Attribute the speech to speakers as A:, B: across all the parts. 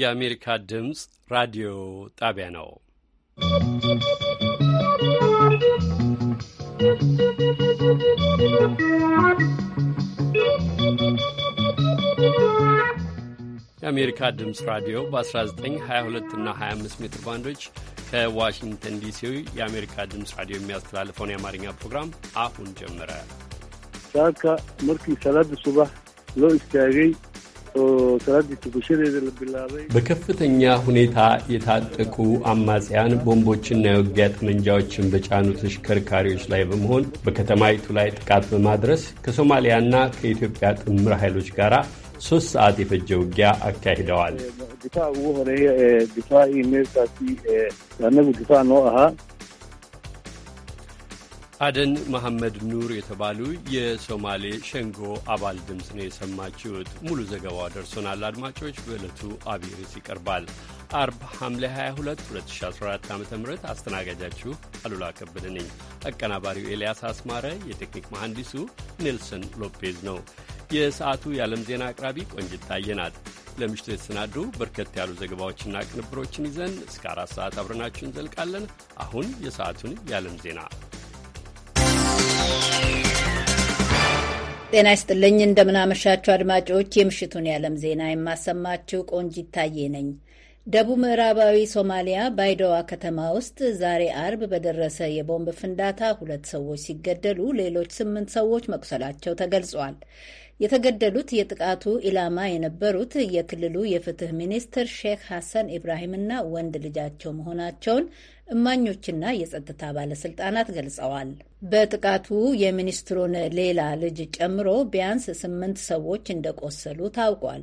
A: የአሜሪካ ድምፅ ራዲዮ ጣቢያ ነው። የአሜሪካ ድምፅ ራዲዮ በ1922 እና 25 ሜትር ባንዶች ከዋሽንግተን ዲሲው የአሜሪካ ድምፅ ራዲዮ የሚያስተላልፈውን የአማርኛ ፕሮግራም አሁን ጀመረ።
B: ሳካ መርኪ ሰላት ሱባህ ሎ
A: በከፍተኛ ሁኔታ የታጠቁ አማጽያን ቦምቦችና የውጊያ ጠመንጃዎችን በጫኑ ተሽከርካሪዎች ላይ በመሆን በከተማይቱ ላይ ጥቃት በማድረስ ከሶማሊያና ከኢትዮጵያ ጥምር ኃይሎች ጋር ሶስት ሰዓት የፈጀ ውጊያ አካሂደዋል። አደን መሐመድ ኑር የተባሉ የሶማሌ ሸንጎ አባል ድምፅ ነው የሰማችሁት። ሙሉ ዘገባው ደርሶናል አድማጮች፣ በዕለቱ አብይ ይቀርባል። አርብ ሐምሌ 22 2014 ዓ ም አስተናጋጃችሁ አሉላ ከበደ ነኝ። አቀናባሪው ኤልያስ አስማረ፣ የቴክኒክ መሐንዲሱ ኔልሰን ሎፔዝ ነው። የሰዓቱ የዓለም ዜና አቅራቢ ቆንጅት ታየናት። ለምሽቱ የተሰናዱ በርከት ያሉ ዘገባዎችና ቅንብሮችን ይዘን እስከ አራት ሰዓት አብረናችሁ እንዘልቃለን። አሁን የሰዓቱን የዓለም ዜና
C: ጤና ይስጥልኝ እንደምናመሻችሁ አድማጮች፣ የምሽቱን የዓለም ዜና የማሰማችሁ ቆንጂት ታዬ ነኝ። ደቡብ ምዕራባዊ ሶማሊያ ባይደዋ ከተማ ውስጥ ዛሬ አርብ በደረሰ የቦምብ ፍንዳታ ሁለት ሰዎች ሲገደሉ ሌሎች ስምንት ሰዎች መቁሰላቸው ተገልጿል። የተገደሉት የጥቃቱ ኢላማ የነበሩት የክልሉ የፍትህ ሚኒስትር ሼክ ሐሰን ኢብራሂምና ወንድ ልጃቸው መሆናቸውን እማኞችና የጸጥታ ባለስልጣናት ገልጸዋል። በጥቃቱ የሚኒስትሩን ሌላ ልጅ ጨምሮ ቢያንስ ስምንት ሰዎች እንደቆሰሉ ታውቋል።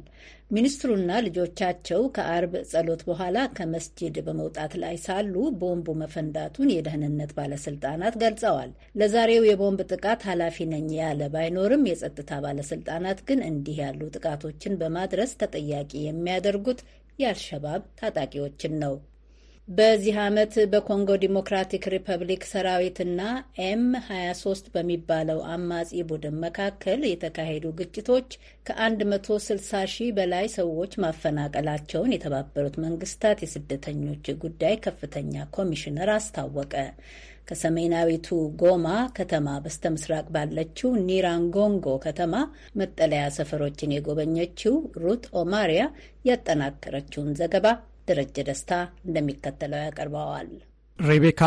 C: ሚኒስትሩና ልጆቻቸው ከአርብ ጸሎት በኋላ ከመስጂድ በመውጣት ላይ ሳሉ ቦምቡ መፈንዳቱን የደህንነት ባለስልጣናት ገልጸዋል። ለዛሬው የቦምብ ጥቃት ኃላፊ ነኝ ያለ ባይኖርም የጸጥታ ባለስልጣናት ግን እንዲህ ያሉ ጥቃቶችን በማድረስ ተጠያቂ የሚያደርጉት የአልሸባብ ታጣቂዎችን ነው። በዚህ ዓመት በኮንጎ ዲሞክራቲክ ሪፐብሊክ ሰራዊትና ኤም 23 በሚባለው አማጺ ቡድን መካከል የተካሄዱ ግጭቶች ከ160 ሺህ በላይ ሰዎች ማፈናቀላቸውን የተባበሩት መንግስታት የስደተኞች ጉዳይ ከፍተኛ ኮሚሽነር አስታወቀ። ከሰሜናዊቱ ጎማ ከተማ በስተምስራቅ ባለችው ኒራንጎንጎ ከተማ መጠለያ ሰፈሮችን የጎበኘችው ሩት ኦማሪያ ያጠናከረችውን ዘገባ ደረጀ ደስታ እንደሚከተለው ያቀርበዋል።
D: ሬቤካ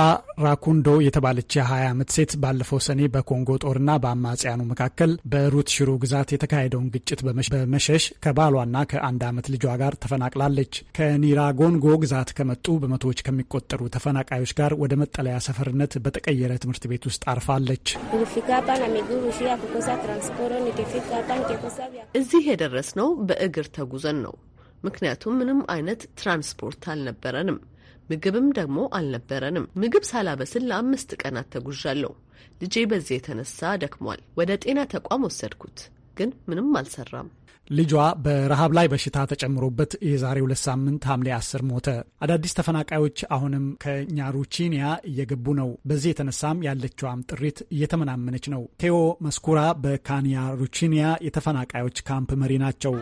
D: ራኩንዶ የተባለች የ20 ዓመት ሴት ባለፈው ሰኔ በኮንጎ ጦርና በአማጽያኑ መካከል በሩት ሽሩ ግዛት የተካሄደውን ግጭት በመሸሽ ከባሏና ከአንድ ዓመት ልጇ ጋር ተፈናቅላለች። ከኒራጎንጎ ግዛት ከመጡ በመቶዎች ከሚቆጠሩ ተፈናቃዮች ጋር ወደ መጠለያ ሰፈርነት በተቀየረ ትምህርት ቤት ውስጥ አርፋለች። እዚህ
E: የደረስነው በእግር ተጉዘን ነው። ምክንያቱም ምንም አይነት ትራንስፖርት አልነበረንም። ምግብም ደግሞ አልነበረንም። ምግብ ሳላበስል ለአምስት ቀናት ተጉዣለሁ። ልጄ በዚህ የተነሳ ደክሟል። ወደ ጤና ተቋም ወሰድኩት። ግን ምንም አልሰራም።
D: ልጇ በረሃብ ላይ በሽታ ተጨምሮበት የዛሬ ሁለት ሳምንት ሐምሌ አስር ሞተ። አዳዲስ ተፈናቃዮች አሁንም ከኛሩቺኒያ እየገቡ ነው። በዚህ የተነሳም ያለችዋም ጥሪት እየተመናመነች ነው። ቴዎ መስኩራ ሩቺኒያ የተፈናቃዮች ካምፕ
F: መሪ ናቸው።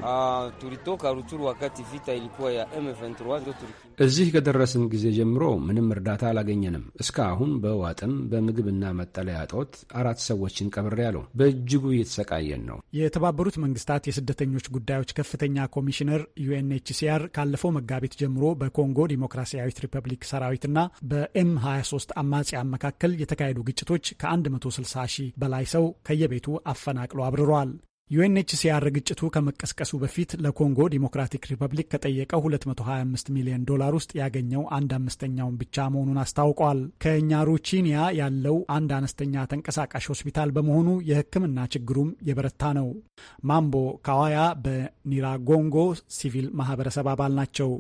F: እዚህ ከደረስን ጊዜ ጀምሮ ምንም እርዳታ አላገኘንም። እስካሁን በዋጥም በምግብና መጠለያ ጦት አራት ሰዎችን ቀብሬ ያለው በእጅጉ እየተሰቃየን ነው።
D: የተባበሩት መንግስታት የስደተኞች ጉዳዮች ከፍተኛ ኮሚሽነር ዩኤንኤችሲአር ካለፈው መጋቢት ጀምሮ በኮንጎ ዲሞክራሲያዊት ሪፐብሊክ ሰራዊትና በኤም 23 አማጽያን መካከል የተካሄዱ ግጭቶች ከ160 ሺህ በላይ ሰው ከየቤቱ አፈናቅሎ አብርሯል። ዩኤንኤችሲአር ግጭቱ ከመቀስቀሱ በፊት ለኮንጎ ዲሞክራቲክ ሪፐብሊክ ከጠየቀው 225 ሚሊዮን ዶላር ውስጥ ያገኘው አንድ አምስተኛውን ብቻ መሆኑን አስታውቋል። ከኛሩቺኒያ ያለው አንድ አነስተኛ ተንቀሳቃሽ ሆስፒታል በመሆኑ የሕክምና ችግሩም የበረታ ነው። ማምቦ ካዋያ
F: በኒራጎንጎ ሲቪል ማህበረሰብ አባል ናቸው።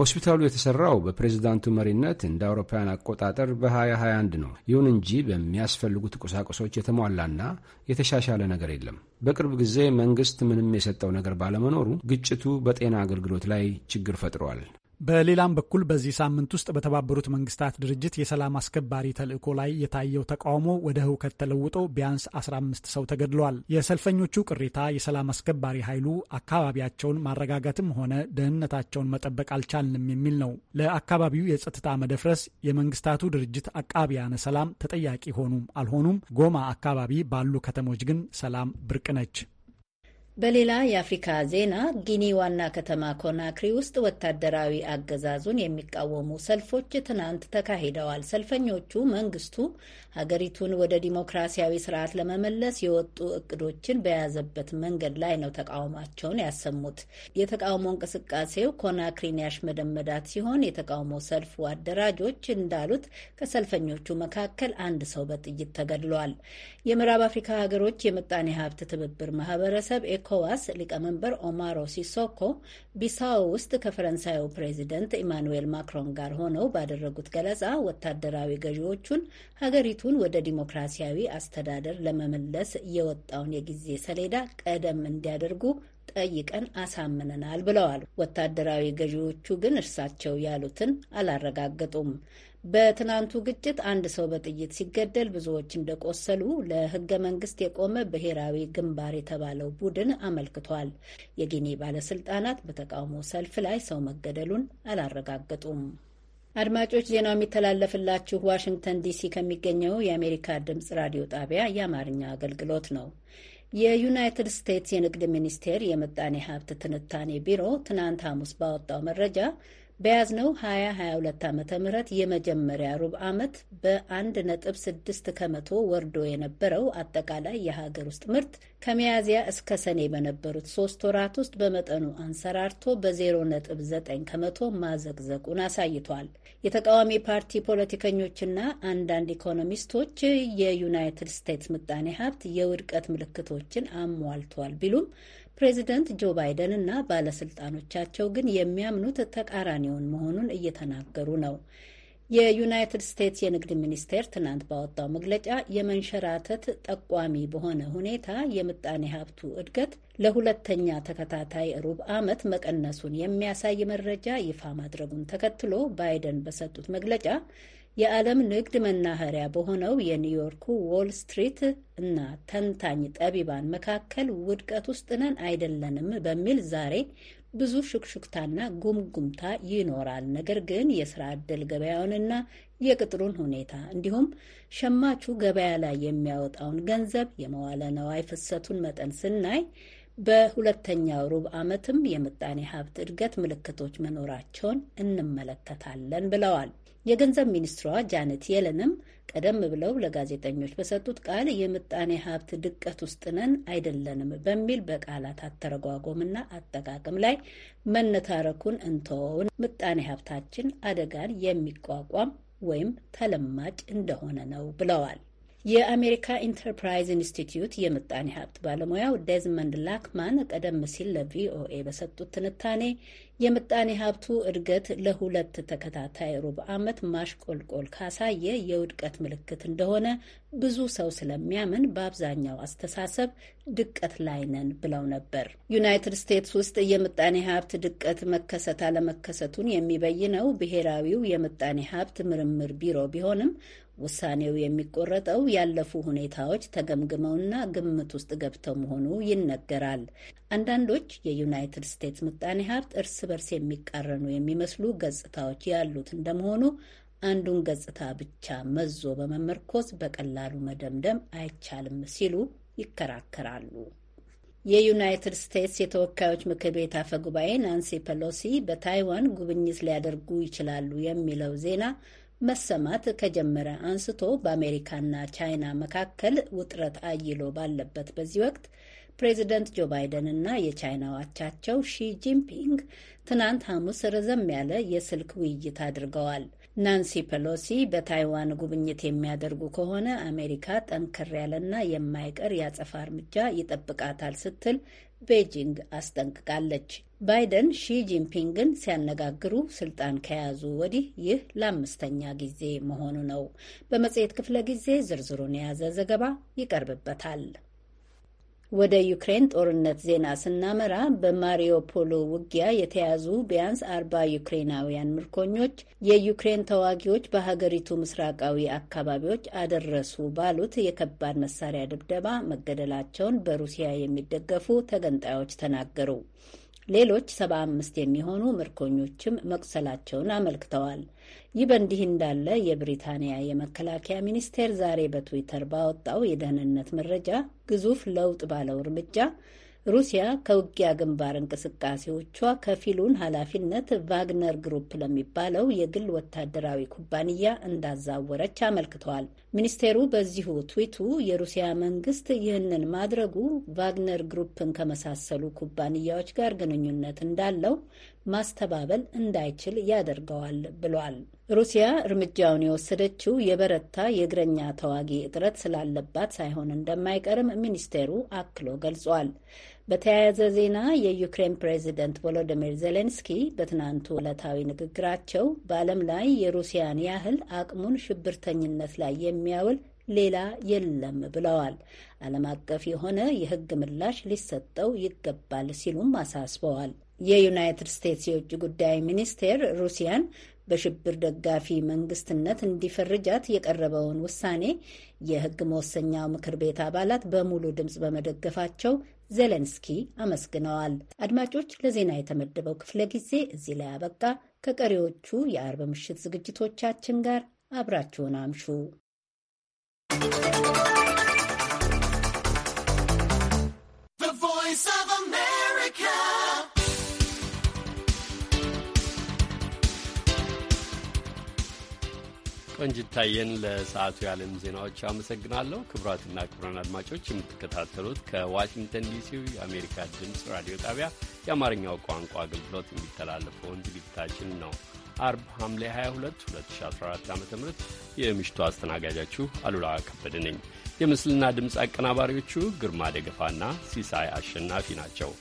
F: ሆስፒታሉ የተሰራው በፕሬዝዳንቱ መሪነት እንደ አውሮፓውያን አቆጣጠር በ2021 ነው። ይሁን እንጂ በሚያስፈልጉት ቁሳቁሶች የተሟላና የተሻሻለ ነገር የለም። በቅርብ ጊዜ መንግስት ምንም የሰጠው ነገር ባለመኖሩ ግጭቱ በጤና አገልግሎት ላይ ችግር ፈጥሯል።
D: በሌላም በኩል በዚህ ሳምንት ውስጥ በተባበሩት መንግስታት ድርጅት የሰላም አስከባሪ ተልዕኮ ላይ የታየው ተቃውሞ ወደ ህውከት ተለውጦ ቢያንስ 15 ሰው ተገድለዋል። የሰልፈኞቹ ቅሬታ የሰላም አስከባሪ ኃይሉ አካባቢያቸውን ማረጋጋትም ሆነ ደህንነታቸውን መጠበቅ አልቻልንም የሚል ነው። ለአካባቢው የጸጥታ መደፍረስ የመንግስታቱ ድርጅት አቃቢያነ ሰላም ተጠያቂ ሆኑም አልሆኑም፣ ጎማ አካባቢ ባሉ ከተሞች ግን ሰላም ብርቅ ነች።
C: በሌላ የአፍሪካ ዜና ጊኒ ዋና ከተማ ኮናክሪ ውስጥ ወታደራዊ አገዛዙን የሚቃወሙ ሰልፎች ትናንት ተካሂደዋል። ሰልፈኞቹ መንግስቱ ሀገሪቱን ወደ ዲሞክራሲያዊ ስርዓት ለመመለስ የወጡ እቅዶችን በያዘበት መንገድ ላይ ነው ተቃውሟቸውን ያሰሙት። የተቃውሞ እንቅስቃሴው ኮናክሪን ያሽመደመዳት ሲሆን የተቃውሞ ሰልፉ አደራጆች እንዳሉት ከሰልፈኞቹ መካከል አንድ ሰው በጥይት ተገድሏል። የምዕራብ አፍሪካ ሀገሮች የምጣኔ ሀብት ትብብር ማህበረሰብ ኤኮዋስ ሊቀመንበር ኦማሮ ሲሶኮ ቢሳው ውስጥ ከፈረንሳዩ ፕሬዚደንት ኢማኑዌል ማክሮን ጋር ሆነው ባደረጉት ገለጻ ወታደራዊ ገዢዎቹን ሀገሪቱን ወደ ዲሞክራሲያዊ አስተዳደር ለመመለስ የወጣውን የጊዜ ሰሌዳ ቀደም እንዲያደርጉ ጠይቀን አሳምነናል ብለዋል። ወታደራዊ ገዢዎቹ ግን እርሳቸው ያሉትን አላረጋገጡም። በትናንቱ ግጭት አንድ ሰው በጥይት ሲገደል ብዙዎች እንደቆሰሉ ለህገ መንግስት የቆመ ብሔራዊ ግንባር የተባለው ቡድን አመልክቷል። የጊኒ ባለስልጣናት በተቃውሞ ሰልፍ ላይ ሰው መገደሉን አላረጋገጡም። አድማጮች፣ ዜናው የሚተላለፍላችሁ ዋሽንግተን ዲሲ ከሚገኘው የአሜሪካ ድምፅ ራዲዮ ጣቢያ የአማርኛ አገልግሎት ነው። የዩናይትድ ስቴትስ የንግድ ሚኒስቴር የምጣኔ ሀብት ትንታኔ ቢሮ ትናንት ሐሙስ ባወጣው መረጃ በያዝነው 2022 ዓ ም የመጀመሪያ ሩብ ዓመት በ1.6 ከመቶ ወርዶ የነበረው አጠቃላይ የሀገር ውስጥ ምርት ከሚያዝያ እስከ ሰኔ በነበሩት ሶስት ወራት ውስጥ በመጠኑ አንሰራርቶ በ0.9 ከመቶ ማዘግዘቁን አሳይቷል። የተቃዋሚ ፓርቲ ፖለቲከኞችና አንዳንድ ኢኮኖሚስቶች የዩናይትድ ስቴትስ ምጣኔ ሀብት የውድቀት ምልክቶችን አሟልቷል ቢሉም ፕሬዚደንት ጆ ባይደን እና ባለስልጣኖቻቸው ግን የሚያምኑት ተቃራኒውን መሆኑን እየተናገሩ ነው። የዩናይትድ ስቴትስ የንግድ ሚኒስቴር ትናንት ባወጣው መግለጫ የመንሸራተት ጠቋሚ በሆነ ሁኔታ የምጣኔ ሀብቱ እድገት ለሁለተኛ ተከታታይ ሩብ ዓመት መቀነሱን የሚያሳይ መረጃ ይፋ ማድረጉን ተከትሎ ባይደን በሰጡት መግለጫ የዓለም ንግድ መናኸሪያ በሆነው የኒውዮርኩ ዎል ስትሪት እና ተንታኝ ጠቢባን መካከል ውድቀት ውስጥ ነን አይደለንም በሚል ዛሬ ብዙ ሹክሹክታና ጉምጉምታ ይኖራል። ነገር ግን የስራ ዕድል ገበያውንና የቅጥሩን ሁኔታ እንዲሁም ሸማቹ ገበያ ላይ የሚያወጣውን ገንዘብ የመዋለ ነዋይ ፍሰቱን መጠን ስናይ በሁለተኛው ሩብ ዓመትም የምጣኔ ሀብት እድገት ምልክቶች መኖራቸውን እንመለከታለን ብለዋል። የገንዘብ ሚኒስትሯ ጃነት የለንም ቀደም ብለው ለጋዜጠኞች በሰጡት ቃል የምጣኔ ሀብት ድቀት ውስጥ ነን አይደለንም በሚል በቃላት አተረጓጎምና አጠቃቀም ላይ መነታረኩን እንተወውን፣ ምጣኔ ሀብታችን አደጋን የሚቋቋም ወይም ተለማጭ እንደሆነ ነው ብለዋል። የአሜሪካ ኢንተርፕራይዝ ኢንስቲትዩት የምጣኔ ሀብት ባለሙያው ዴዝመንድ ላክማን ቀደም ሲል ለቪኦኤ በሰጡት ትንታኔ የምጣኔ ሀብቱ እድገት ለሁለት ተከታታይ ሩብ ዓመት ማሽቆልቆል ካሳየ የውድቀት ምልክት እንደሆነ ብዙ ሰው ስለሚያምን በአብዛኛው አስተሳሰብ ድቀት ላይ ነን ብለው ነበር። ዩናይትድ ስቴትስ ውስጥ የምጣኔ ሀብት ድቀት መከሰት አለመከሰቱን የሚበይነው ብሔራዊው የምጣኔ ሀብት ምርምር ቢሮ ቢሆንም ውሳኔው የሚቆረጠው ያለፉ ሁኔታዎች ተገምግመውና ግምት ውስጥ ገብተው መሆኑ ይነገራል። አንዳንዶች የዩናይትድ ስቴትስ ምጣኔ ሀብት እርስ በርስ የሚቃረኑ የሚመስሉ ገጽታዎች ያሉት እንደመሆኑ አንዱን ገጽታ ብቻ መዞ በመመርኮዝ በቀላሉ መደምደም አይቻልም ሲሉ ይከራከራሉ። የዩናይትድ ስቴትስ የተወካዮች ምክር ቤት አፈ ጉባኤ ናንሲ ፐሎሲ በታይዋን ጉብኝት ሊያደርጉ ይችላሉ የሚለው ዜና መሰማት ከጀመረ አንስቶ በአሜሪካና ቻይና መካከል ውጥረት አይሎ ባለበት በዚህ ወቅት ፕሬዚደንት ጆ ባይደን እና አቻቸው ሺ ጂንፒንግ ትናንት ሐሙስ ረዘም ያለ የስልክ ውይይት አድርገዋል። ናንሲ ፔሎሲ በታይዋን ጉብኝት የሚያደርጉ ከሆነ አሜሪካ ጠንከር ያለና የማይቀር የአጸፋ እርምጃ ይጠብቃታል ስትል ቤጂንግ አስጠንቅቃለች። ባይደን ሺ ጂንፒንግን ሲያነጋግሩ ስልጣን ከያዙ ወዲህ ይህ ለአምስተኛ ጊዜ መሆኑ ነው። በመጽሔት ክፍለ ጊዜ ዝርዝሩን የያዘ ዘገባ ይቀርብበታል። ወደ ዩክሬን ጦርነት ዜና ስናመራ በማሪዮፖሎ ውጊያ የተያዙ ቢያንስ አርባ ዩክሬናውያን ምርኮኞች የዩክሬን ተዋጊዎች በሀገሪቱ ምስራቃዊ አካባቢዎች አደረሱ ባሉት የከባድ መሳሪያ ድብደባ መገደላቸውን በሩሲያ የሚደገፉ ተገንጣዮች ተናገሩ። ሌሎች 75 የሚሆኑ ምርኮኞችም መቁሰላቸውን አመልክተዋል። ይህ በእንዲህ እንዳለ የብሪታንያ የመከላከያ ሚኒስቴር ዛሬ በትዊተር ባወጣው የደህንነት መረጃ ግዙፍ ለውጥ ባለው እርምጃ ሩሲያ ከውጊያ ግንባር እንቅስቃሴዎቿ ከፊሉን ኃላፊነት ቫግነር ግሩፕ ለሚባለው የግል ወታደራዊ ኩባንያ እንዳዛወረች አመልክተዋል። ሚኒስቴሩ በዚሁ ትዊቱ የሩሲያ መንግስት ይህንን ማድረጉ ቫግነር ግሩፕን ከመሳሰሉ ኩባንያዎች ጋር ግንኙነት እንዳለው ማስተባበል እንዳይችል ያደርገዋል ብሏል። ሩሲያ እርምጃውን የወሰደችው የበረታ የእግረኛ ተዋጊ እጥረት ስላለባት ሳይሆን እንደማይቀርም ሚኒስቴሩ አክሎ ገልጿል። በተያያዘ ዜና የዩክሬን ፕሬዚደንት ቮሎዲሚር ዜሌንስኪ በትናንቱ ዕለታዊ ንግግራቸው በዓለም ላይ የሩሲያን ያህል አቅሙን ሽብርተኝነት ላይ የሚያውል ሌላ የለም ብለዋል። ዓለም አቀፍ የሆነ የሕግ ምላሽ ሊሰጠው ይገባል ሲሉም አሳስበዋል። የዩናይትድ ስቴትስ የውጭ ጉዳይ ሚኒስቴር ሩሲያን በሽብር ደጋፊ መንግስትነት እንዲፈርጃት የቀረበውን ውሳኔ የህግ መወሰኛው ምክር ቤት አባላት በሙሉ ድምፅ በመደገፋቸው ዜሌንስኪ አመስግነዋል። አድማጮች፣ ለዜና የተመደበው ክፍለ ጊዜ እዚህ ላይ አበቃ። ከቀሪዎቹ የአርብ ምሽት ዝግጅቶቻችን ጋር አብራችሁን አምሹ።
A: ቆንጅታየን ለሰዓቱ የዓለም ዜናዎች አመሰግናለሁ። ክቡራትና ክቡራን አድማጮች የምትከታተሉት ከዋሽንግተን ዲሲው የአሜሪካ ድምፅ ራዲዮ ጣቢያ የአማርኛው ቋንቋ አገልግሎት የሚተላለፈውን ዝግጅታችን ነው። አርብ ሐምሌ 22 2014 ዓ ም የምሽቱ አስተናጋጃችሁ አሉላ ከበደ ነኝ። የምስልና ድምፅ አቀናባሪዎቹ ግርማ ደገፋና ሲሳይ አሸናፊ ናቸው።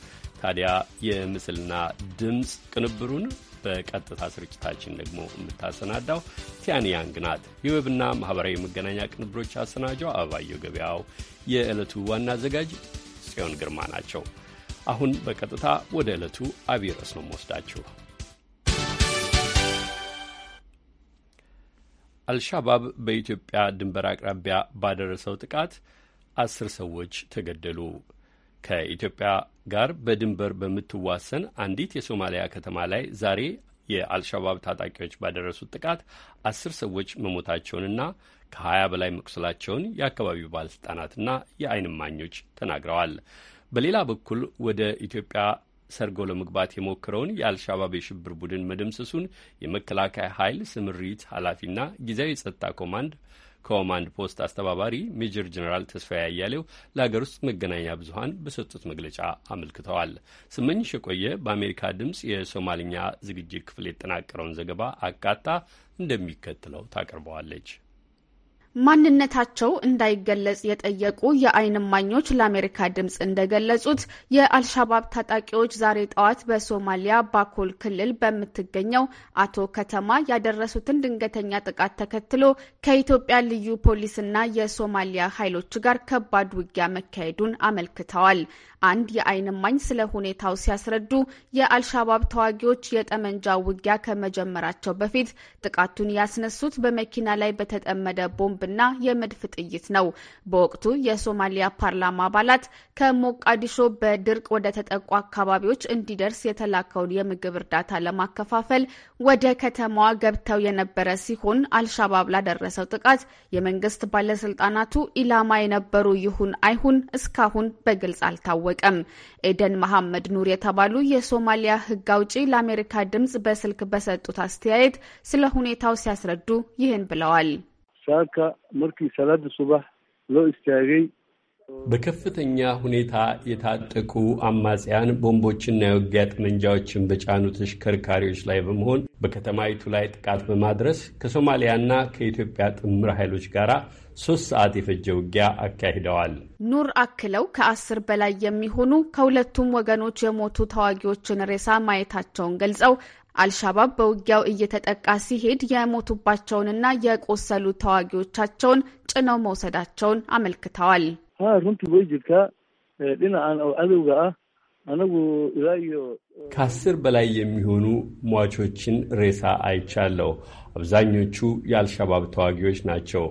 A: ታዲያ የምስልና ድምፅ ቅንብሩን በቀጥታ ስርጭታችን ደግሞ የምታሰናዳው ቲያን ያንግ ናት። የዌብና ማኅበራዊ መገናኛ ቅንብሮች አሰናጀው አበባየሁ ገበያው፣ የዕለቱ ዋና አዘጋጅ ጽዮን ግርማ ናቸው። አሁን በቀጥታ ወደ ዕለቱ አብይ ርዕስ ነው የምወስዳችሁ። አልሻባብ በኢትዮጵያ ድንበር አቅራቢያ ባደረሰው ጥቃት አስር ሰዎች ተገደሉ። ከኢትዮጵያ ጋር በድንበር በምትዋሰን አንዲት የሶማሊያ ከተማ ላይ ዛሬ የአልሻባብ ታጣቂዎች ባደረሱት ጥቃት አስር ሰዎች መሞታቸውንና ከሀያ በላይ መቁሰላቸውን የአካባቢው ባለስልጣናትና የዓይን እማኞች ተናግረዋል። በሌላ በኩል ወደ ኢትዮጵያ ሰርጎ ለመግባት የሞክረውን የአልሻባብ የሽብር ቡድን መደምሰሱን የመከላከያ ኃይል ስምሪት ኃላፊና ጊዜያዊ የጸጥታ ኮማንድ ኮማንድ ፖስት አስተባባሪ ሜጀር ጀኔራል ተስፋዬ አያሌው ለሀገር ውስጥ መገናኛ ብዙሀን በሰጡት መግለጫ አመልክተዋል። ስመኝሽ የቆየ በአሜሪካ ድምፅ የሶማልኛ ዝግጅት ክፍል የተጠናቀረውን ዘገባ አካታ እንደሚከተለው ታቀርበዋለች።
G: ማንነታቸው እንዳይገለጽ የጠየቁ የዓይን ማኞች ለአሜሪካ ድምፅ እንደገለጹት የአልሻባብ ታጣቂዎች ዛሬ ጠዋት በሶማሊያ ባኮል ክልል በምትገኘው አቶ ከተማ ያደረሱትን ድንገተኛ ጥቃት ተከትሎ ከኢትዮጵያ ልዩ ፖሊስና የሶማሊያ ኃይሎች ጋር ከባድ ውጊያ መካሄዱን አመልክተዋል። አንድ የአይን ማኝ ስለ ሁኔታው ሲያስረዱ የአልሻባብ ተዋጊዎች የጠመንጃ ውጊያ ከመጀመራቸው በፊት ጥቃቱን ያስነሱት በመኪና ላይ በተጠመደ ቦምብና የመድፍ ጥይት ነው። በወቅቱ የሶማሊያ ፓርላማ አባላት ከሞቃዲሾ በድርቅ ወደ ተጠቁ አካባቢዎች እንዲደርስ የተላከውን የምግብ እርዳታ ለማከፋፈል ወደ ከተማዋ ገብተው የነበረ ሲሆን አልሻባብ ላደረሰው ጥቃት የመንግስት ባለስልጣናቱ ኢላማ የነበሩ ይሁን አይሁን እስካሁን በግልጽ አልታወቀም። አልታወቀም። ኤደን መሐመድ ኑር የተባሉ የሶማሊያ ሕግ አውጪ ለአሜሪካ ድምጽ በስልክ በሰጡት አስተያየት ስለ ሁኔታው ሲያስረዱ ይህን ብለዋል።
A: በከፍተኛ ሁኔታ የታጠቁ አማጽያን ቦምቦችና የውጊያ ጠመንጃዎችን በጫኑ ተሽከርካሪዎች ላይ በመሆን በከተማይቱ ላይ ጥቃት በማድረስ ከሶማሊያና ከኢትዮጵያ ጥምር ኃይሎች ጋር ሶስት ሰዓት የፈጀ ውጊያ አካሂደዋል።
G: ኑር አክለው ከአስር በላይ የሚሆኑ ከሁለቱም ወገኖች የሞቱ ተዋጊዎችን ሬሳ ማየታቸውን ገልጸው አልሻባብ በውጊያው እየተጠቃ ሲሄድ የሞቱባቸውንና የቆሰሉ ተዋጊዎቻቸውን ጭነው መውሰዳቸውን አመልክተዋል።
A: ከአስር በላይ የሚሆኑ ሟቾችን ሬሳ አይቻለሁ። አብዛኞቹ የአልሻባብ ተዋጊዎች ናቸው።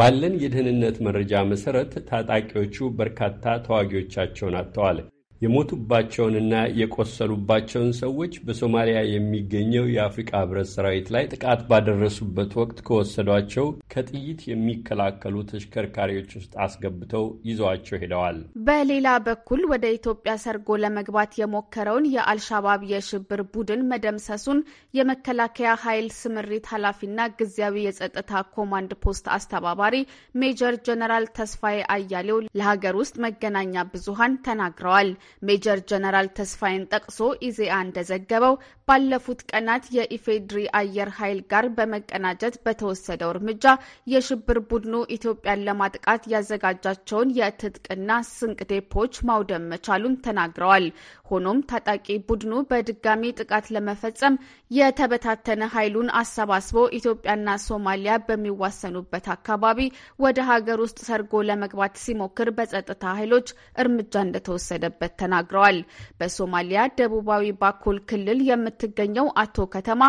A: ባለን የደህንነት መረጃ መሰረት ታጣቂዎቹ በርካታ ተዋጊዎቻቸውን አጥተዋል። የሞቱባቸውንና የቆሰሉባቸውን ሰዎች በሶማሊያ የሚገኘው የአፍሪቃ ህብረት ሰራዊት ላይ ጥቃት ባደረሱበት ወቅት ከወሰዷቸው ከጥይት የሚከላከሉ ተሽከርካሪዎች ውስጥ አስገብተው ይዘዋቸው ሄደዋል።
G: በሌላ በኩል ወደ ኢትዮጵያ ሰርጎ ለመግባት የሞከረውን የአልሻባብ የሽብር ቡድን መደምሰሱን የመከላከያ ኃይል ስምሪት ኃላፊና ጊዜያዊ የጸጥታ ኮማንድ ፖስት አስተባባሪ ሜጀር ጀነራል ተስፋዬ አያሌው ለሀገር ውስጥ መገናኛ ብዙሃን ተናግረዋል። ሜጀር ጀነራል ተስፋይን ጠቅሶ ኢዜአ እንደዘገበው ባለፉት ቀናት የኢፌድሪ አየር ኃይል ጋር በመቀናጀት በተወሰደው እርምጃ የሽብር ቡድኑ ኢትዮጵያን ለማጥቃት ያዘጋጃቸውን የትጥቅና ስንቅ ዴፖዎች ማውደም መቻሉን ተናግረዋል። ሆኖም ታጣቂ ቡድኑ በድጋሚ ጥቃት ለመፈጸም የተበታተነ ኃይሉን አሰባስቦ ኢትዮጵያና ሶማሊያ በሚዋሰኑበት አካባቢ ወደ ሀገር ውስጥ ሰርጎ ለመግባት ሲሞክር በጸጥታ ኃይሎች እርምጃ እንደተወሰደበት ተናግረዋል። በሶማሊያ ደቡባዊ ባኮል ክልል የምትገኘው አቶ ከተማ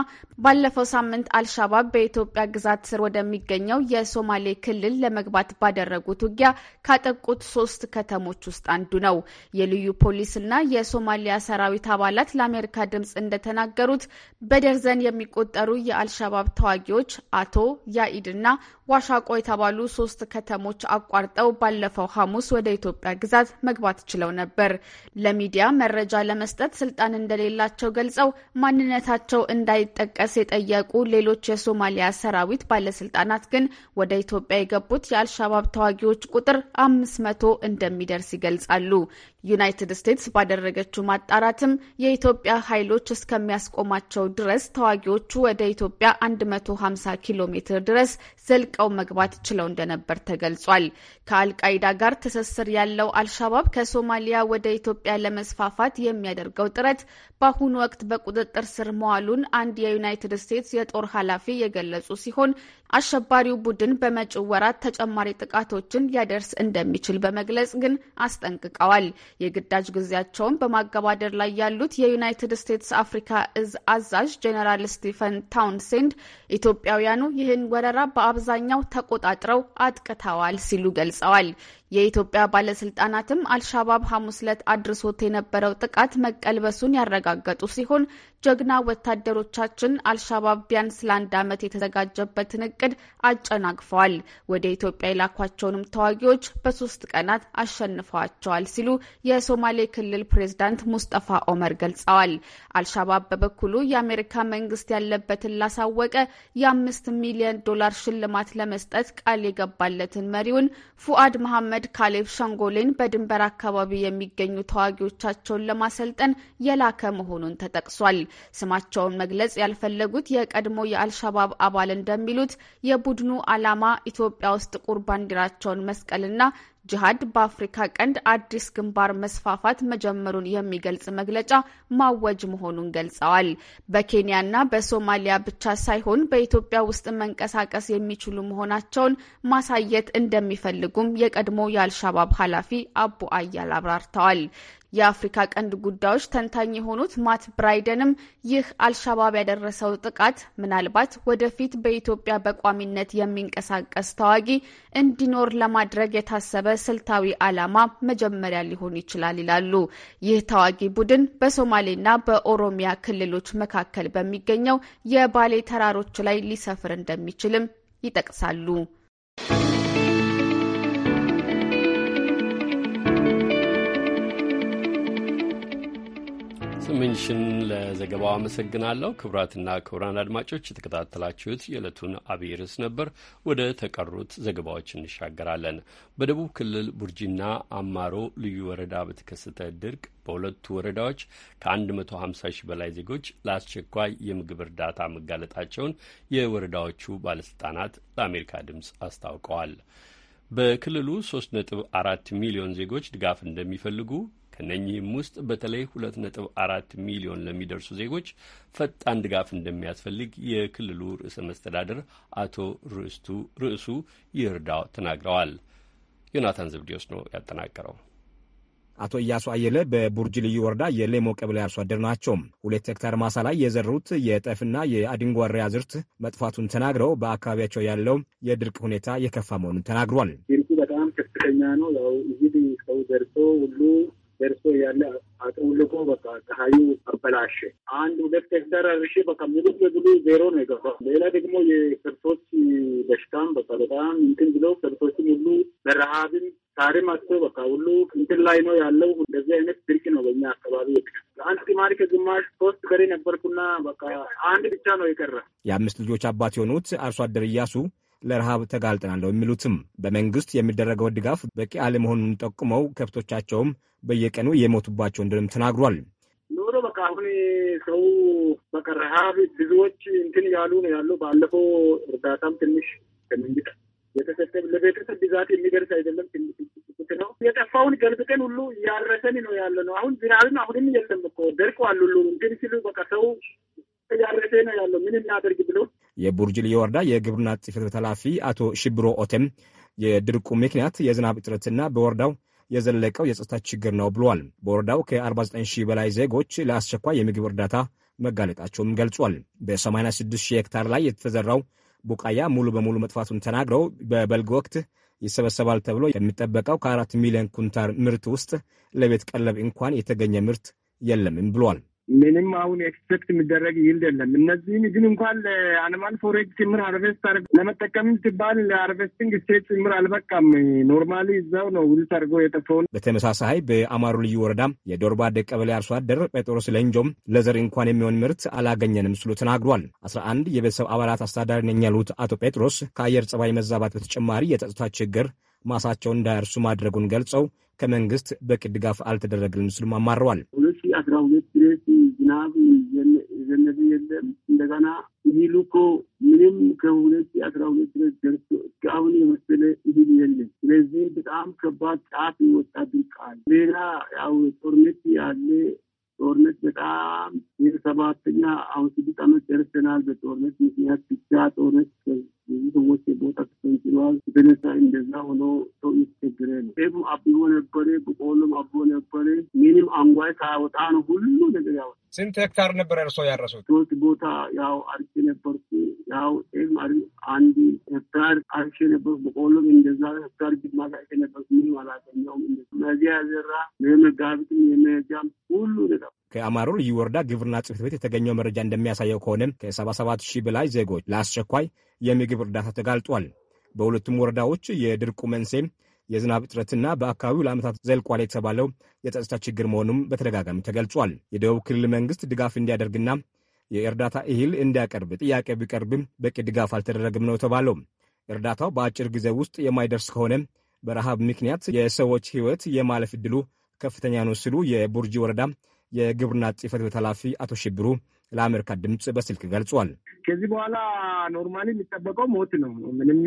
G: ባለፈው ሳምንት አልሻባብ በኢትዮጵያ ግዛት ስር ወደሚገኘው የሶማሌ ክልል ለመግባት ባደረጉት ውጊያ ካጠቁት ሶስት ከተሞች ውስጥ አንዱ ነው። የልዩ ፖሊስና የሶማሊያ ሰራዊት አባላት ለአሜሪካ ድምፅ እንደተናገሩት በደርዘን የሚቆጠሩ የአልሻባብ ተዋጊዎች አቶ ያኢድና ዋሻቆ የተባሉ ሶስት ከተሞች አቋርጠው ባለፈው ሐሙስ ወደ ኢትዮጵያ ግዛት መግባት ችለው ነበር። ለሚዲያ መረጃ ለመስጠት ስልጣን እንደሌላቸው ገልጸው ማንነታቸው እንዳይጠቀስ የጠየቁ ሌሎች የሶማሊያ ሰራዊት ባለስልጣናት ግን ወደ ኢትዮጵያ የገቡት የአልሻባብ ተዋጊዎች ቁጥር አምስት መቶ እንደሚደርስ ይገልጻሉ። ዩናይትድ ስቴትስ ባደረገችው ማጣራትም የኢትዮጵያ ኃይሎች እስከሚያስቆማቸው ድረስ ተዋጊዎቹ ወደ ኢትዮጵያ 150 ኪሎ ሜትር ድረስ ዘልቀው መግባት ችለው እንደነበር ተገልጿል። ከአልቃይዳ ጋር ትስስር ያለው አልሻባብ ከሶማሊያ ወደ ኢትዮጵያ ለመስፋፋት የሚያደርገው ጥረት በአሁኑ ወቅት በቁጥጥር ስር መዋሉን አንድ የዩናይትድ ስቴትስ የጦር ኃላፊ የገለጹ ሲሆን አሸባሪው ቡድን በመጪው ወራት ተጨማሪ ጥቃቶችን ሊያደርስ እንደሚችል በመግለጽ ግን አስጠንቅቀዋል። የግዳጅ ጊዜያቸውን በማገባደር ላይ ያሉት የዩናይትድ ስቴትስ አፍሪካ እዝ አዛዥ ጄኔራል ስቲፈን ታውንሴንድ ኢትዮጵያውያኑ ይህን ወረራ በአብዛኛው ተቆጣጥረው አጥቅተዋል ሲሉ ገልጸዋል። የኢትዮጵያ ባለስልጣናትም አልሻባብ ሐሙስ ዕለት አድርሶት የነበረው ጥቃት መቀልበሱን ያረጋገጡ ሲሆን ጀግና ወታደሮቻችን አልሻባብ ቢያንስ ለአንድ ዓመት የተዘጋጀበትን እቅድ አጨናግፈዋል፣ ወደ ኢትዮጵያ የላኳቸውንም ተዋጊዎች በሶስት ቀናት አሸንፈዋቸዋል ሲሉ የሶማሌ ክልል ፕሬዝዳንት ሙስጠፋ ኦመር ገልጸዋል። አልሻባብ በበኩሉ የአሜሪካ መንግስት ያለበትን ላሳወቀ የአምስት ሚሊዮን ዶላር ሽልማት ለመስጠት ቃል የገባለትን መሪውን ፉአድ መሐመድ አህመድ ካሌብ ሻንጎሌን በድንበር አካባቢ የሚገኙ ተዋጊዎቻቸውን ለማሰልጠን የላከ መሆኑን ተጠቅሷል። ስማቸውን መግለጽ ያልፈለጉት የቀድሞ የአልሸባብ አባል እንደሚሉት የቡድኑ ዓላማ ኢትዮጵያ ውስጥ ጥቁር ባንዲራቸውን መስቀልና ጂሃድ በአፍሪካ ቀንድ አዲስ ግንባር መስፋፋት መጀመሩን የሚገልጽ መግለጫ ማወጅ መሆኑን ገልጸዋል። በኬንያና በሶማሊያ ብቻ ሳይሆን በኢትዮጵያ ውስጥ መንቀሳቀስ የሚችሉ መሆናቸውን ማሳየት እንደሚፈልጉም የቀድሞ የአልሻባብ ኃላፊ አቡ አያል አብራርተዋል። የአፍሪካ ቀንድ ጉዳዮች ተንታኝ የሆኑት ማት ብራይደንም ይህ አልሻባብ ያደረሰው ጥቃት ምናልባት ወደፊት በኢትዮጵያ በቋሚነት የሚንቀሳቀስ ተዋጊ እንዲኖር ለማድረግ የታሰበ ስልታዊ ዓላማ መጀመሪያ ሊሆን ይችላል ይላሉ። ይህ ተዋጊ ቡድን በሶማሌና በኦሮሚያ ክልሎች መካከል በሚገኘው የባሌ ተራሮች ላይ ሊሰፍር እንደሚችልም ይጠቅሳሉ።
A: ምንሽን ለዘገባው አመሰግናለሁ። ክቡራትና ክቡራን አድማጮች የተከታተላችሁት የዕለቱን አብይ ርዕስ ነበር። ወደ ተቀሩት ዘገባዎች እንሻገራለን። በደቡብ ክልል ቡርጂና አማሮ ልዩ ወረዳ በተከሰተ ድርቅ በሁለቱ ወረዳዎች ከ150 ሺህ በላይ ዜጎች ለአስቸኳይ የምግብ እርዳታ መጋለጣቸውን የወረዳዎቹ ባለስልጣናት ለአሜሪካ ድምፅ አስታውቀዋል። በክልሉ 3.4 ሚሊዮን ዜጎች ድጋፍ እንደሚፈልጉ ከነኚህም ውስጥ በተለይ ሁለት ነጥብ አራት ሚሊዮን ለሚደርሱ ዜጎች ፈጣን ድጋፍ እንደሚያስፈልግ የክልሉ ርዕሰ መስተዳደር አቶ ርስቱ ርዕሱ ይርዳው ተናግረዋል። ዮናታን ዘብዲዎስ ነው ያጠናቀረው።
H: አቶ እያሱ አየለ በቡርጅ ልዩ ወረዳ የሌሞ ቀበሌ አርሶ አደር ናቸው። ሁለት ሄክታር ማሳ ላይ የዘሩት የጠፍና የአድንጓሬ አዝርት መጥፋቱን ተናግረው በአካባቢያቸው ያለው የድርቅ ሁኔታ የከፋ መሆኑን ተናግሯል።
B: ድርቁ በጣም ከፍተኛ ነው። ያው እዚህ ሰው ደርሶ ሁሉ ደርሶ ያለ አጥውልቆ በቃ ፀሐዩ አበላሸ። አንድ ሁለት ሄክታር አርሼ በቃ ሙሉ በሙሉ ዜሮ ነው የገባ። ሌላ ደግሞ የከብቶች በሽታም በቃ በጣም እንትን ብሎ ከብቶችም ሁሉ በረሃብም ሳርም አቶ በቃ ሁሉ እንትን ላይ ነው ያለው። እንደዚህ አይነት ድርቅ ነው በኛ አካባቢ። አንድ ቲማሪ ከግማሽ ሶስት በሬ ነበርኩና በቃ አንድ ብቻ ነው የቀረ።
H: የአምስት ልጆች አባት የሆኑት አርሶ አደር እያሱ ለረሃብ ተጋልጠናለሁ የሚሉትም። በመንግስት የሚደረገው ድጋፍ በቂ አለመሆኑን ጠቁመው ከብቶቻቸውም በየቀኑ የሞቱባቸው እንደሆነም ተናግሯል።
B: ኑሮ በቃ አሁን ሰው በቃ ረሃብ ብዙዎች እንትን ያሉ ነው ያለው። ባለፈው እርዳታም ትንሽ ከመንግስት የተሰጠብ ለቤተሰብ ብዛት የሚደርስ አይደለም። ትንሽ ነው የጠፋውን ገልብጠን ሁሉ እያረሰን ነው ያለ ነው። አሁን ዝናብም አሁንም የለም እኮ ደርቀዋል ሁሉ እንትን ሲሉ በቃ ሰው እያረሰ ነው ያለው ምን እናደርግ ብለው
H: የቡርጅል የወረዳ የግብርና ጽሕፈት ቤት ኃላፊ አቶ ሽብሮ ኦቴም የድርቁ ምክንያት የዝናብ እጥረትና በወረዳው የዘለቀው የጸጥታ ችግር ነው ብለዋል። በወረዳው ከ49 ሺህ በላይ ዜጎች ለአስቸኳይ የምግብ እርዳታ መጋለጣቸውም ገልጿል። በ86 ሺህ ሄክታር ላይ የተዘራው ቡቃያ ሙሉ በሙሉ መጥፋቱን ተናግረው በበልግ ወቅት ይሰበሰባል ተብሎ የሚጠበቀው ከአራት ሚሊዮን ኩንታር ምርት ውስጥ ለቤት ቀለብ እንኳን የተገኘ ምርት የለምም ብሏል።
B: ምንም አሁን ኤክስፔክት የሚደረግ ይልድ
H: የለም። እነዚህን ግን እንኳን ለአኒማል ፎሬጅ ጭምር ሀርቨስት ለመጠቀም
B: ሲባል ለሀርቨስቲንግ ስቴት ጭምር አልበቃም። ኖርማሊ እዛው ነው ውል አድርገው የጠፋውን።
H: በተመሳሳይ በአማሩ ልዩ ወረዳ የዶርባደ ቀበሌ አርሶ አደር ጴጥሮስ ለንጆም ለዘር እንኳን የሚሆን ምርት አላገኘንም ስሉ ተናግሯል። አስራ አንድ የቤተሰብ አባላት አስተዳዳሪ ነኝ ያሉት አቶ ጴጥሮስ ከአየር ጸባይ መዛባት በተጨማሪ የጸጥታ ችግር ማሳቸውን እንዳያርሱ ማድረጉን ገልጸው ከመንግስት በቂ ድጋፍ አልተደረገልን ሲሉም አማረዋል።
B: ሁለት ሺህ አስራ ሁለት ድረስ ዝናብ ዘነበ የለም። እንደገና እህሉ እኮ ምንም ከሁለት ሺህ አስራ ሁለት ድረስ ደርሶ እስካሁን የመሰለ እህል የለም። ስለዚህ በጣም ከባድ ጣት ይወጣ ድርቃል። ሌላ ያው ጦርነት ያለ ጦርነት በጣም ይህ ሰባተኛ አሁን ስድስት ዓመት ደርሰናል። በጦርነት ምክንያት ብቻ ጦርነት ብዙ ሰዎች ቦታ ተፈንጭሏል። የተነሳ እንደዛ ሆኖ ሰው የተቸገረ ነው። ጤፉም አብቦ ነበረ፣ ብቆሎም አብቦ ነበረ። ምንም አንጓይ ሳያወጣ ነው ሁሉ ነገር ያወጣ
H: ስንት ሄክታር ነበር እርሶ ያረሱት?
B: ሶስት ቦታ ያው አርሼ ነበርኩ። ያው ጤም አንድ ሄክታር አርሼ ነበር። በቆሎም እንደዛ ሄክታር ግማሽ አርሼ ነበርኩ። ምንም አላገኘሁም። መዚያ ዘራ የመጋቢትም የመጃም ሁሉ ነገር
H: ከአማሮ ልዩ ወረዳ ግብርና ጽሕፈት ቤት የተገኘው መረጃ እንደሚያሳየው ከሆነ ከ77 ሺህ በላይ ዜጎች ለአስቸኳይ የምግብ እርዳታ ተጋልጧል። በሁለቱም ወረዳዎች የድርቁ መንስኤም የዝናብ እጥረትና በአካባቢው ለዓመታት ዘልቋል የተባለው የጸጥታ ችግር መሆኑም በተደጋጋሚ ተገልጿል። የደቡብ ክልል መንግስት ድጋፍ እንዲያደርግና የእርዳታ እህል እንዲያቀርብ ጥያቄ ቢቀርብም በቂ ድጋፍ አልተደረገም ነው የተባለው። እርዳታው በአጭር ጊዜ ውስጥ የማይደርስ ከሆነ በረሃብ ምክንያት የሰዎች ህይወት የማለፍ እድሉ ከፍተኛ ነው ሲሉ የቡርጂ ወረዳ የግብርና ጽፈት ቤት ኃላፊ አቶ ሽብሩ ለአሜሪካ ድምፅ በስልክ ገልጿል።
B: ከዚህ በኋላ ኖርማሊ የሚጠበቀው ሞት ነው። ምንም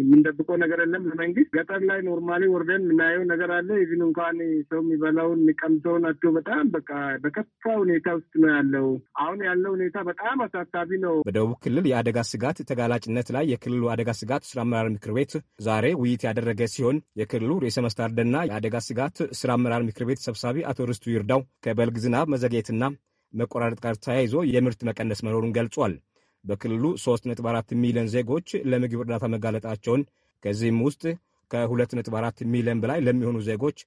B: የምንደብቀው ነገር የለም። ለመንግስት ገጠር ላይ ኖርማሊ ወርደን የምናየው ነገር አለ። ኢቭን እንኳን ሰው የሚበላውን የሚቀምሰውን አቶ በጣም በቃ በከፋ ሁኔታ ውስጥ ነው ያለው። አሁን ያለው ሁኔታ በጣም አሳሳቢ ነው።
H: በደቡብ ክልል የአደጋ ስጋት ተጋላጭነት ላይ የክልሉ አደጋ ስጋት ስራ አመራር ምክር ቤት ዛሬ ውይይት ያደረገ ሲሆን የክልሉ ርዕሰ መስተዳድርና የአደጋ ስጋት ስራ አመራር ምክር ቤት ሰብሳቢ አቶ ርስቱ ይርዳው ከበልግ ዝናብ መዘግየትና መቆራረጥ ጋር ተያይዞ የምርት መቀነስ መኖሩን ገልጿል። በክልሉ 3.4 ሚሊዮን ዜጎች ለምግብ እርዳታ መጋለጣቸውን ከዚህም ውስጥ ከ2.4 ሚሊዮን በላይ ለሚሆኑ ዜጎች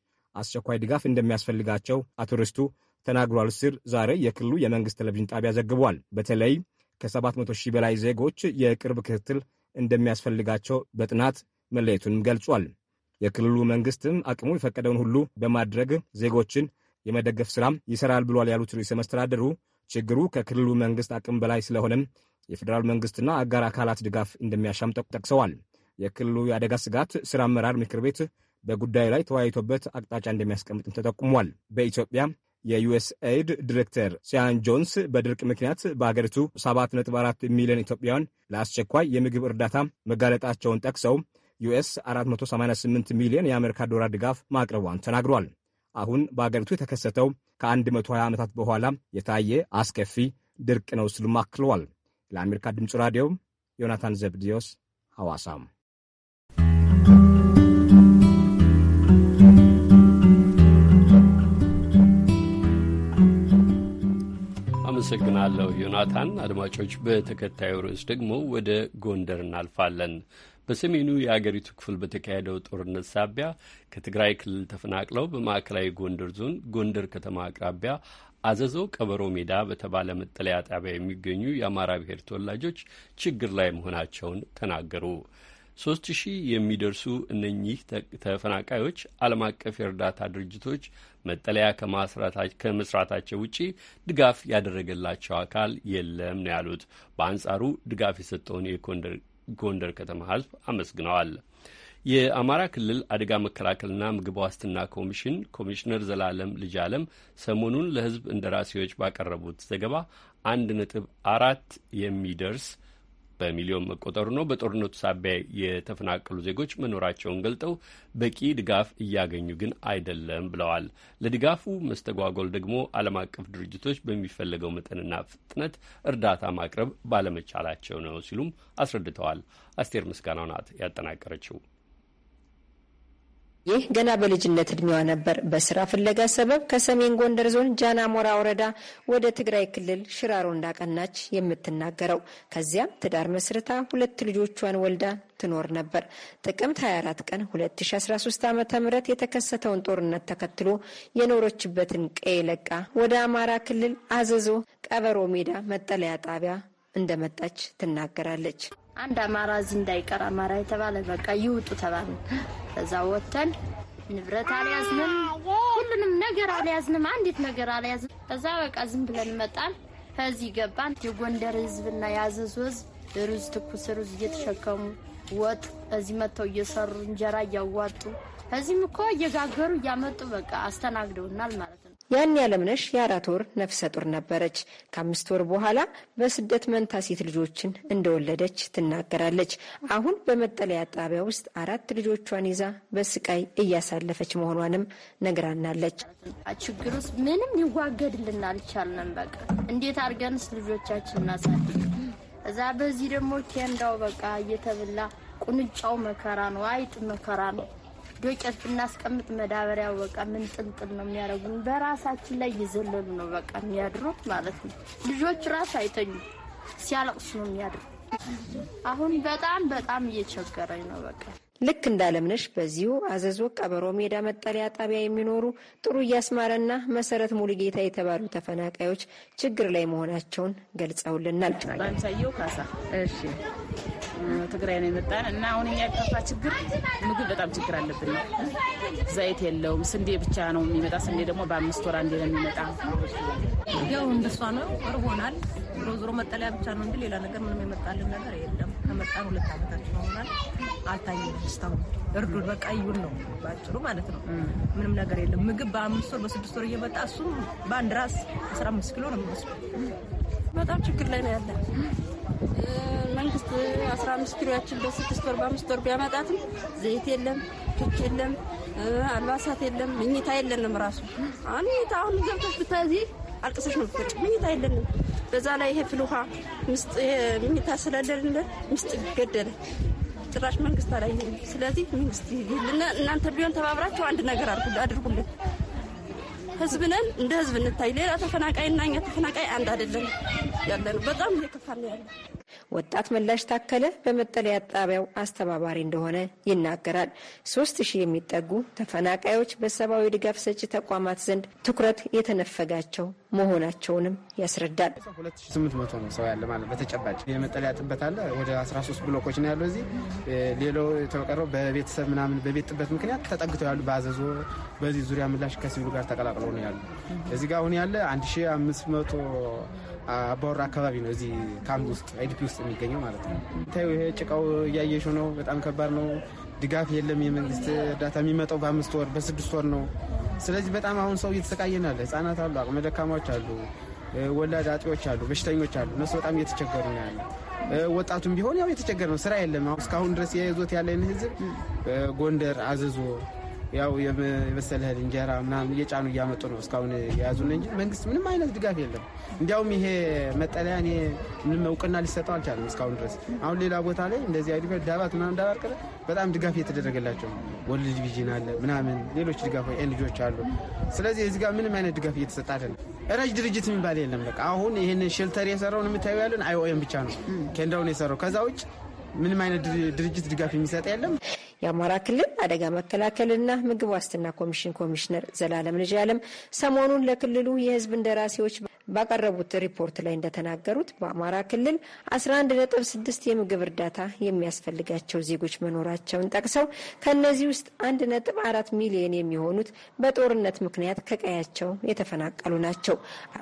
H: አስቸኳይ ድጋፍ እንደሚያስፈልጋቸው አቶ ርስቱ ተናግሯል ሲል ዛሬ የክልሉ የመንግሥት ቴሌቪዥን ጣቢያ ዘግቧል። በተለይ ከ700 ሺህ በላይ ዜጎች የቅርብ ክትትል እንደሚያስፈልጋቸው በጥናት መለየቱንም ገልጿል። የክልሉ መንግሥትም አቅሙ የፈቀደውን ሁሉ በማድረግ ዜጎችን የመደገፍ ስራም ይሰራል ብሏል ያሉት ርዕሰ መስተዳደሩ ችግሩ ከክልሉ መንግስት አቅም በላይ ስለሆነም የፌዴራል መንግስትና አጋር አካላት ድጋፍ እንደሚያሻም ጠቅሰዋል። የክልሉ የአደጋ ስጋት ስራ አመራር ምክር ቤት በጉዳዩ ላይ ተወያይቶበት አቅጣጫ እንደሚያስቀምጥም ተጠቁሟል። በኢትዮጵያ የዩኤስ ኤድ ዲሬክተር ሲያን ጆንስ በድርቅ ምክንያት በአገሪቱ 7.4 ሚሊዮን ኢትዮጵያውያን ለአስቸኳይ የምግብ እርዳታ መጋለጣቸውን ጠቅሰው ዩኤስ 488 ሚሊዮን የአሜሪካ ዶላር ድጋፍ ማቅረቧን ተናግሯል። አሁን በአገሪቱ የተከሰተው ከ120 ዓመታት በኋላ የታየ አስከፊ ድርቅ ነው ሲሉም አክለዋል። ለአሜሪካ ድምፅ ራዲዮ ዮናታን ዘብዲዮስ ሐዋሳም
A: አመሰግናለሁ ዮናታን። አድማጮች፣ በተከታዩ ርዕስ ደግሞ ወደ ጎንደር እናልፋለን። በሰሜኑ የአገሪቱ ክፍል በተካሄደው ጦርነት ሳቢያ ከትግራይ ክልል ተፈናቅለው በማዕከላዊ ጎንደር ዞን ጎንደር ከተማ አቅራቢያ አዘዞ ቀበሮ ሜዳ በተባለ መጠለያ ጣቢያ የሚገኙ የአማራ ብሔር ተወላጆች ችግር ላይ መሆናቸውን ተናገሩ። ሶስት ሺህ የሚደርሱ እነኚህ ተፈናቃዮች ዓለም አቀፍ የእርዳታ ድርጅቶች መጠለያ ከመስራታቸው ውጪ ድጋፍ ያደረገላቸው አካል የለም ነው ያሉት። በአንጻሩ ድጋፍ የሰጠውን ጎንደር ከተማ ህዝብ አመስግነዋል። የአማራ ክልል አደጋ መከላከልና ምግብ ዋስትና ኮሚሽን ኮሚሽነር ዘላለም ልጅ አለም ሰሞኑን ለህዝብ እንደራሴዎች ባቀረቡት ዘገባ አንድ ነጥብ አራት የሚደርስ በሚሊዮን መቆጠሩ ነው። በጦርነቱ ሳቢያ የተፈናቀሉ ዜጎች መኖራቸውን ገልጠው በቂ ድጋፍ እያገኙ ግን አይደለም ብለዋል። ለድጋፉ መስተጓጎል ደግሞ ዓለም አቀፍ ድርጅቶች በሚፈለገው መጠንና ፍጥነት እርዳታ ማቅረብ ባለመቻላቸው ነው ሲሉም አስረድተዋል። አስቴር ምስጋናው ናት ያጠናቀረችው።
I: ይህ ገና በልጅነት እድሜዋ ነበር በስራ ፍለጋ ሰበብ ከሰሜን ጎንደር ዞን ጃና ሞራ ወረዳ ወደ ትግራይ ክልል ሽራሮ እንዳቀናች የምትናገረው። ከዚያም ትዳር መስርታ ሁለት ልጆቿን ወልዳ ትኖር ነበር። ጥቅምት 24 ቀን 2013 ዓ.ም የተከሰተውን ጦርነት ተከትሎ የኖረችበትን ቀይ ለቃ ወደ አማራ ክልል አዘዞ ቀበሮ ሜዳ መጠለያ ጣቢያ እንደመጣች ትናገራለች።
J: አንድ አማራ እዚህ እንዳይቀር አማራ የተባለ በቃ ይውጡ ተባለ። ከዛ ወጥተን ንብረት አልያዝንም፣ ሁሉንም ነገር አልያዝንም፣ አንዲት ነገር አልያዝንም። ከዛ በቃ ዝም ብለን መጣን። ከዚህ ገባን። የጎንደር ህዝብና የአዘዙ ህዝብ ሩዝ፣ ትኩስ ሩዝ እየተሸከሙ ወጥ እዚህ መጥተው እየሰሩ እንጀራ እያዋጡ እዚህም እኮ እየጋገሩ እያመጡ በቃ አስተናግደውናል ማለት ነው።
I: ያን ያለምነሽ የአራት ወር ነፍሰ ጡር ነበረች። ከአምስት ወር በኋላ በስደት መንታ ሴት ልጆችን እንደወለደች ትናገራለች። አሁን በመጠለያ ጣቢያ ውስጥ አራት ልጆቿን ይዛ በስቃይ እያሳለፈች መሆኗንም ነግራናለች። ችግር
J: ውስጥ ምንም ሊዋገድልን አልቻልንም። በቃ እንዴት አድርገንስ ልጆቻችን እናሳድግ? እዛ በዚህ ደግሞ ኬንዳው በቃ እየተበላ ቁንጫው መከራ ነው። አይጥ መከራ ነው። ዶቄት ብናስቀምጥ መዳበሪያው በቃ ምን ጥንጥል ነው የሚያደርጉን። በራሳችን ላይ እየዘለሉ ነው በቃ የሚያድሩት ማለት ነው። ልጆች ራሱ አይተኙ ሲያለቅሱ ነው የሚያድሩ። አሁን በጣም በጣም እየቸገረኝ ነው በቃ
I: ልክ እንዳለምነሽ በዚሁ አዘዞ ቀበሮ ሜዳ መጠለያ ጣቢያ የሚኖሩ ጥሩ እያስማረና መሰረት ሙሉጌታ የተባሉ ተፈናቃዮች ችግር ላይ መሆናቸውን
K: ገልጸውልናል። ባንቻየው ካሳ እሺ፣ ትግራይ ነው የመጣን እና አሁን እኛ የከፋ ችግር ምግብ በጣም ችግር አለብን። ዘይት የለውም። ስንዴ ብቻ ነው የሚመጣ። ስንዴ ደግሞ በአምስት ወር አንዴ ነው የሚመጣ። ያው እንደሷ ነው። እርቦናል። ዞሮ ዞሮ መጠለያ ብቻ ነው እንጂ ሌላ ነገር ምንም የመጣልን ነገር የለም። ከመጣን ሁለት ዓመታችን ሆናል። አልታየንም አስታው እርዱን፣ በቃ ይሁን ነው ባጭሩ ማለት ነው። ምንም ነገር የለም። ምግብ በአምስት ወር በስድስት ወር እየመጣ እሱም በአንድ ራስ አስራ አምስት ኪሎ ነው የሚወስደው።
E: በጣም ችግር ላይ ነው ያለ መንግስት። አስራ አምስት ኪሎ ያችን በስድስት ወር
J: በአምስት ወር ቢያመጣትም ዘይት የለም፣ ቱክ የለም፣ አልባሳት የለም፣ ምኝታ የለንም። ራሱ አሁን አሁን ገብቶች ብታዚ አልቅሰሽ ነው ብትወጪ። ምኝታ የለንም። በዛ ላይ ይሄ ፍል ውሃ ምስጥ ምኝታ ስለሌለን ምስጥ ይገደለ ጭራሽ መንግስት አላየ። ስለዚህ መንግስት ይልና እናንተ ቢሆን ተባብራችሁ አንድ ነገር አድርጉልን። ህዝብ ነን፣ እንደ ህዝብ እንታይ። ሌላ ተፈናቃይና እኛ ተፈናቃይ አንድ አይደለም ያለነው። በጣም እየከፋን ያለ
I: ወጣት መላሽ ታከለ በመጠለያ ጣቢያው አስተባባሪ እንደሆነ ይናገራል። ሶስት ሺህ የሚጠጉ ተፈናቃዮች በሰብአዊ ድጋፍ ሰጪ ተቋማት ዘንድ ትኩረት የተነፈጋቸው መሆናቸውንም ያስረዳል።
L: ሁለት ሺህ ስምንት መቶ ነው ሰው ያለ ማለት በተጨባጭ የመጠለያ ጥበት አለ። ወደ 13 ብሎኮች ነው ያለው እዚህ። ሌላው የተቀረው በቤተሰብ ምናምን በቤት ጥበት ምክንያት ተጠግተው ያሉ በአዘዞ በዚህ ዙሪያ ምላሽ ከሲቪሉ ጋር ተቀላቅለው ነው ያሉ። እዚህ ጋር አሁን ያለ 1500 አባወራ አካባቢ ነው። እዚህ ካምፕ ውስጥ አይዲፒ ውስጥ የሚገኘው ማለት ነው። ታዩ ይሄ ጭቃው እያየሹ ነው። በጣም ከባድ ነው። ድጋፍ የለም። የመንግስት እርዳታ የሚመጣው በአምስት ወር በስድስት ወር ነው። ስለዚህ በጣም አሁን ሰው እየተሰቃየናለ። ህጻናት አሉ፣ አቅመ ደካማዎች አሉ፣ ወላድ አጥዎች አሉ፣ በሽተኞች አሉ። እነሱ በጣም እየተቸገሩ ነው ያለ ወጣቱም ቢሆን ያው የተቸገረ ነው። ስራ የለም። እስካሁን ድረስ የይዞት ያለን ህዝብ ጎንደር፣ አዘዞ ያው የበሰለ እህል እንጀራ ምናምን እየጫኑ እያመጡ ነው እስካሁን የያዙን እንጂ መንግስት ምንም አይነት ድጋፍ የለም። እንዲያውም ይሄ መጠለያ እኔ ምንም እውቅና ሊሰጠው አልቻለም እስካሁን ድረስ። አሁን ሌላ ቦታ ላይ እንደዚህ አይዲፈ ዳባት ምናምን ዳባርቅለ በጣም ድጋፍ እየተደረገላቸው ወልድ ዲቪዥን አለ ምናምን ሌሎች ድጋፍ ልጆች አሉ። ስለዚህ እዚህ ጋር ምንም አይነት ድጋፍ እየተሰጠ አይደለም። ረጅ ድርጅት የሚባል የለም። በቃ አሁን ይህን ሼልተር የሰራውን የምታዩ ያለን አይኦኤም ብቻ ነው ኬንዳውን የሰራው ከዛ ውጭ ምንም አይነት ድርጅት ድጋፍ የሚሰጥ የለም።
I: የአማራ ክልል አደጋ መከላከልና ምግብ ዋስትና ኮሚሽን ኮሚሽነር ዘላለም ልጅ ያለም ሰሞኑን ለክልሉ የህዝብ እንደራሴዎች ባቀረቡት ሪፖርት ላይ እንደተናገሩት በአማራ ክልል 11.6 የምግብ እርዳታ የሚያስፈልጋቸው ዜጎች መኖራቸውን ጠቅሰው ከእነዚህ ውስጥ 1.4 ሚሊዮን የሚሆኑት በጦርነት ምክንያት ከቀያቸው የተፈናቀሉ ናቸው።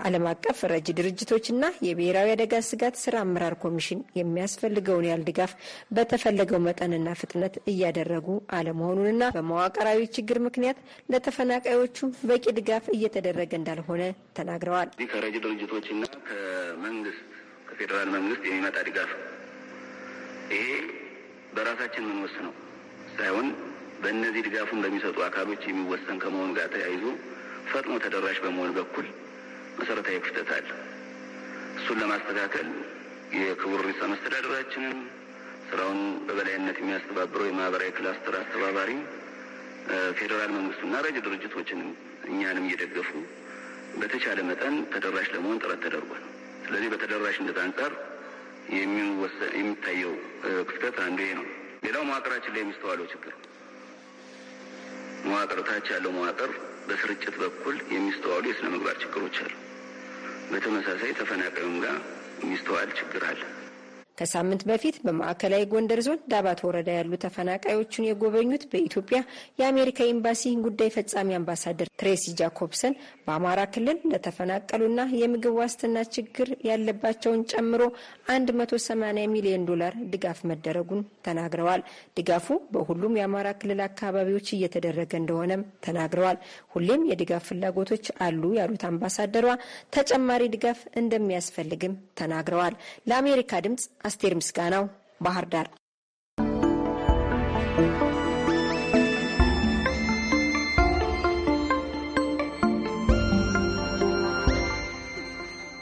I: ዓለም አቀፍ ረጅ ድርጅቶችና የብሔራዊ አደጋ ስጋት ስራ አመራር ኮሚሽን የሚያስፈልገውን ያህል ድጋፍ በተፈለገው መጠንና ፍጥነት እያደረጉ አለመሆኑንና በመዋቅራዊ ችግር ምክንያት ለተፈናቃዮቹ በቂ ድጋፍ እየተደረገ እንዳልሆነ ተናግረዋል።
F: ከተለያዩ ድርጅቶችና ከመንግስት ከፌዴራል መንግስት የሚመጣ ድጋፍ ይሄ በራሳችን የምንወስነው ሳይሆን በእነዚህ ድጋፉን በሚሰጡ አካሎች የሚወሰን ከመሆኑ ጋር ተያይዞ ፈጥኖ ተደራሽ በመሆን በኩል መሰረታዊ ክፍተት አለ። እሱን ለማስተካከል የክቡር ርዕሰ መስተዳድራችንን ስራውን በበላይነት የሚያስተባብረው የማህበራዊ ክላስተር አስተባባሪ ፌዴራል መንግስቱና ረጅ ድርጅቶችንም እኛንም እየደገፉ በተቻለ መጠን ተደራሽ ለመሆን ጥረት ተደርጓል። ስለዚህ በተደራሽነት አንጻር የሚታየው ክፍተት አንዱ ይሄ ነው። ሌላው መዋቅራችን ላይ የሚስተዋለው ችግር መዋቅር ታች ያለው መዋቅር በስርጭት በኩል የሚስተዋሉ የስነ ምግባር ችግሮች አሉ። በተመሳሳይ ተፈናቃዩም ጋር የሚስተዋል ችግር አለ።
I: ከሳምንት በፊት በማዕከላዊ ጎንደር ዞን ዳባት ወረዳ ያሉ ተፈናቃዮቹን የጎበኙት በኢትዮጵያ የአሜሪካ ኤምባሲ ጉዳይ ፈጻሚ አምባሳደር ትሬሲ ጃኮብሰን በአማራ ክልል ለተፈናቀሉና የምግብ ዋስትና ችግር ያለባቸውን ጨምሮ 180 ሚሊዮን ዶላር ድጋፍ መደረጉን ተናግረዋል። ድጋፉ በሁሉም የአማራ ክልል አካባቢዎች እየተደረገ እንደሆነም ተናግረዋል። ሁሌም የድጋፍ ፍላጎቶች አሉ ያሉት አምባሳደሯ ተጨማሪ ድጋፍ እንደሚያስፈልግም ተናግረዋል። ለአሜሪካ ድምጽ አስቴር ምስጋናው ባህር ዳር።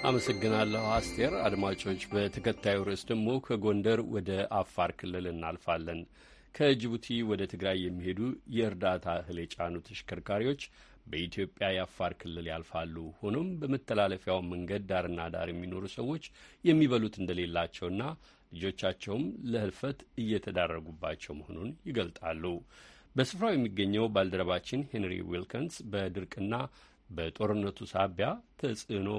A: አመሰግናለሁ አስቴር። አድማጮች፣ በተከታዩ ርዕስ ደግሞ ከጎንደር ወደ አፋር ክልል እናልፋለን። ከጅቡቲ ወደ ትግራይ የሚሄዱ የእርዳታ እህል የጫኑ ተሽከርካሪዎች በኢትዮጵያ የአፋር ክልል ያልፋሉ። ሆኖም በመተላለፊያው መንገድ ዳርና ዳር የሚኖሩ ሰዎች የሚበሉት እንደሌላቸውና ልጆቻቸውም ለህልፈት እየተዳረጉባቸው መሆኑን ይገልጣሉ። በስፍራው የሚገኘው ባልደረባችን ሄንሪ ዊልከንስ በድርቅና በጦርነቱ ሳቢያ ተጽዕኖ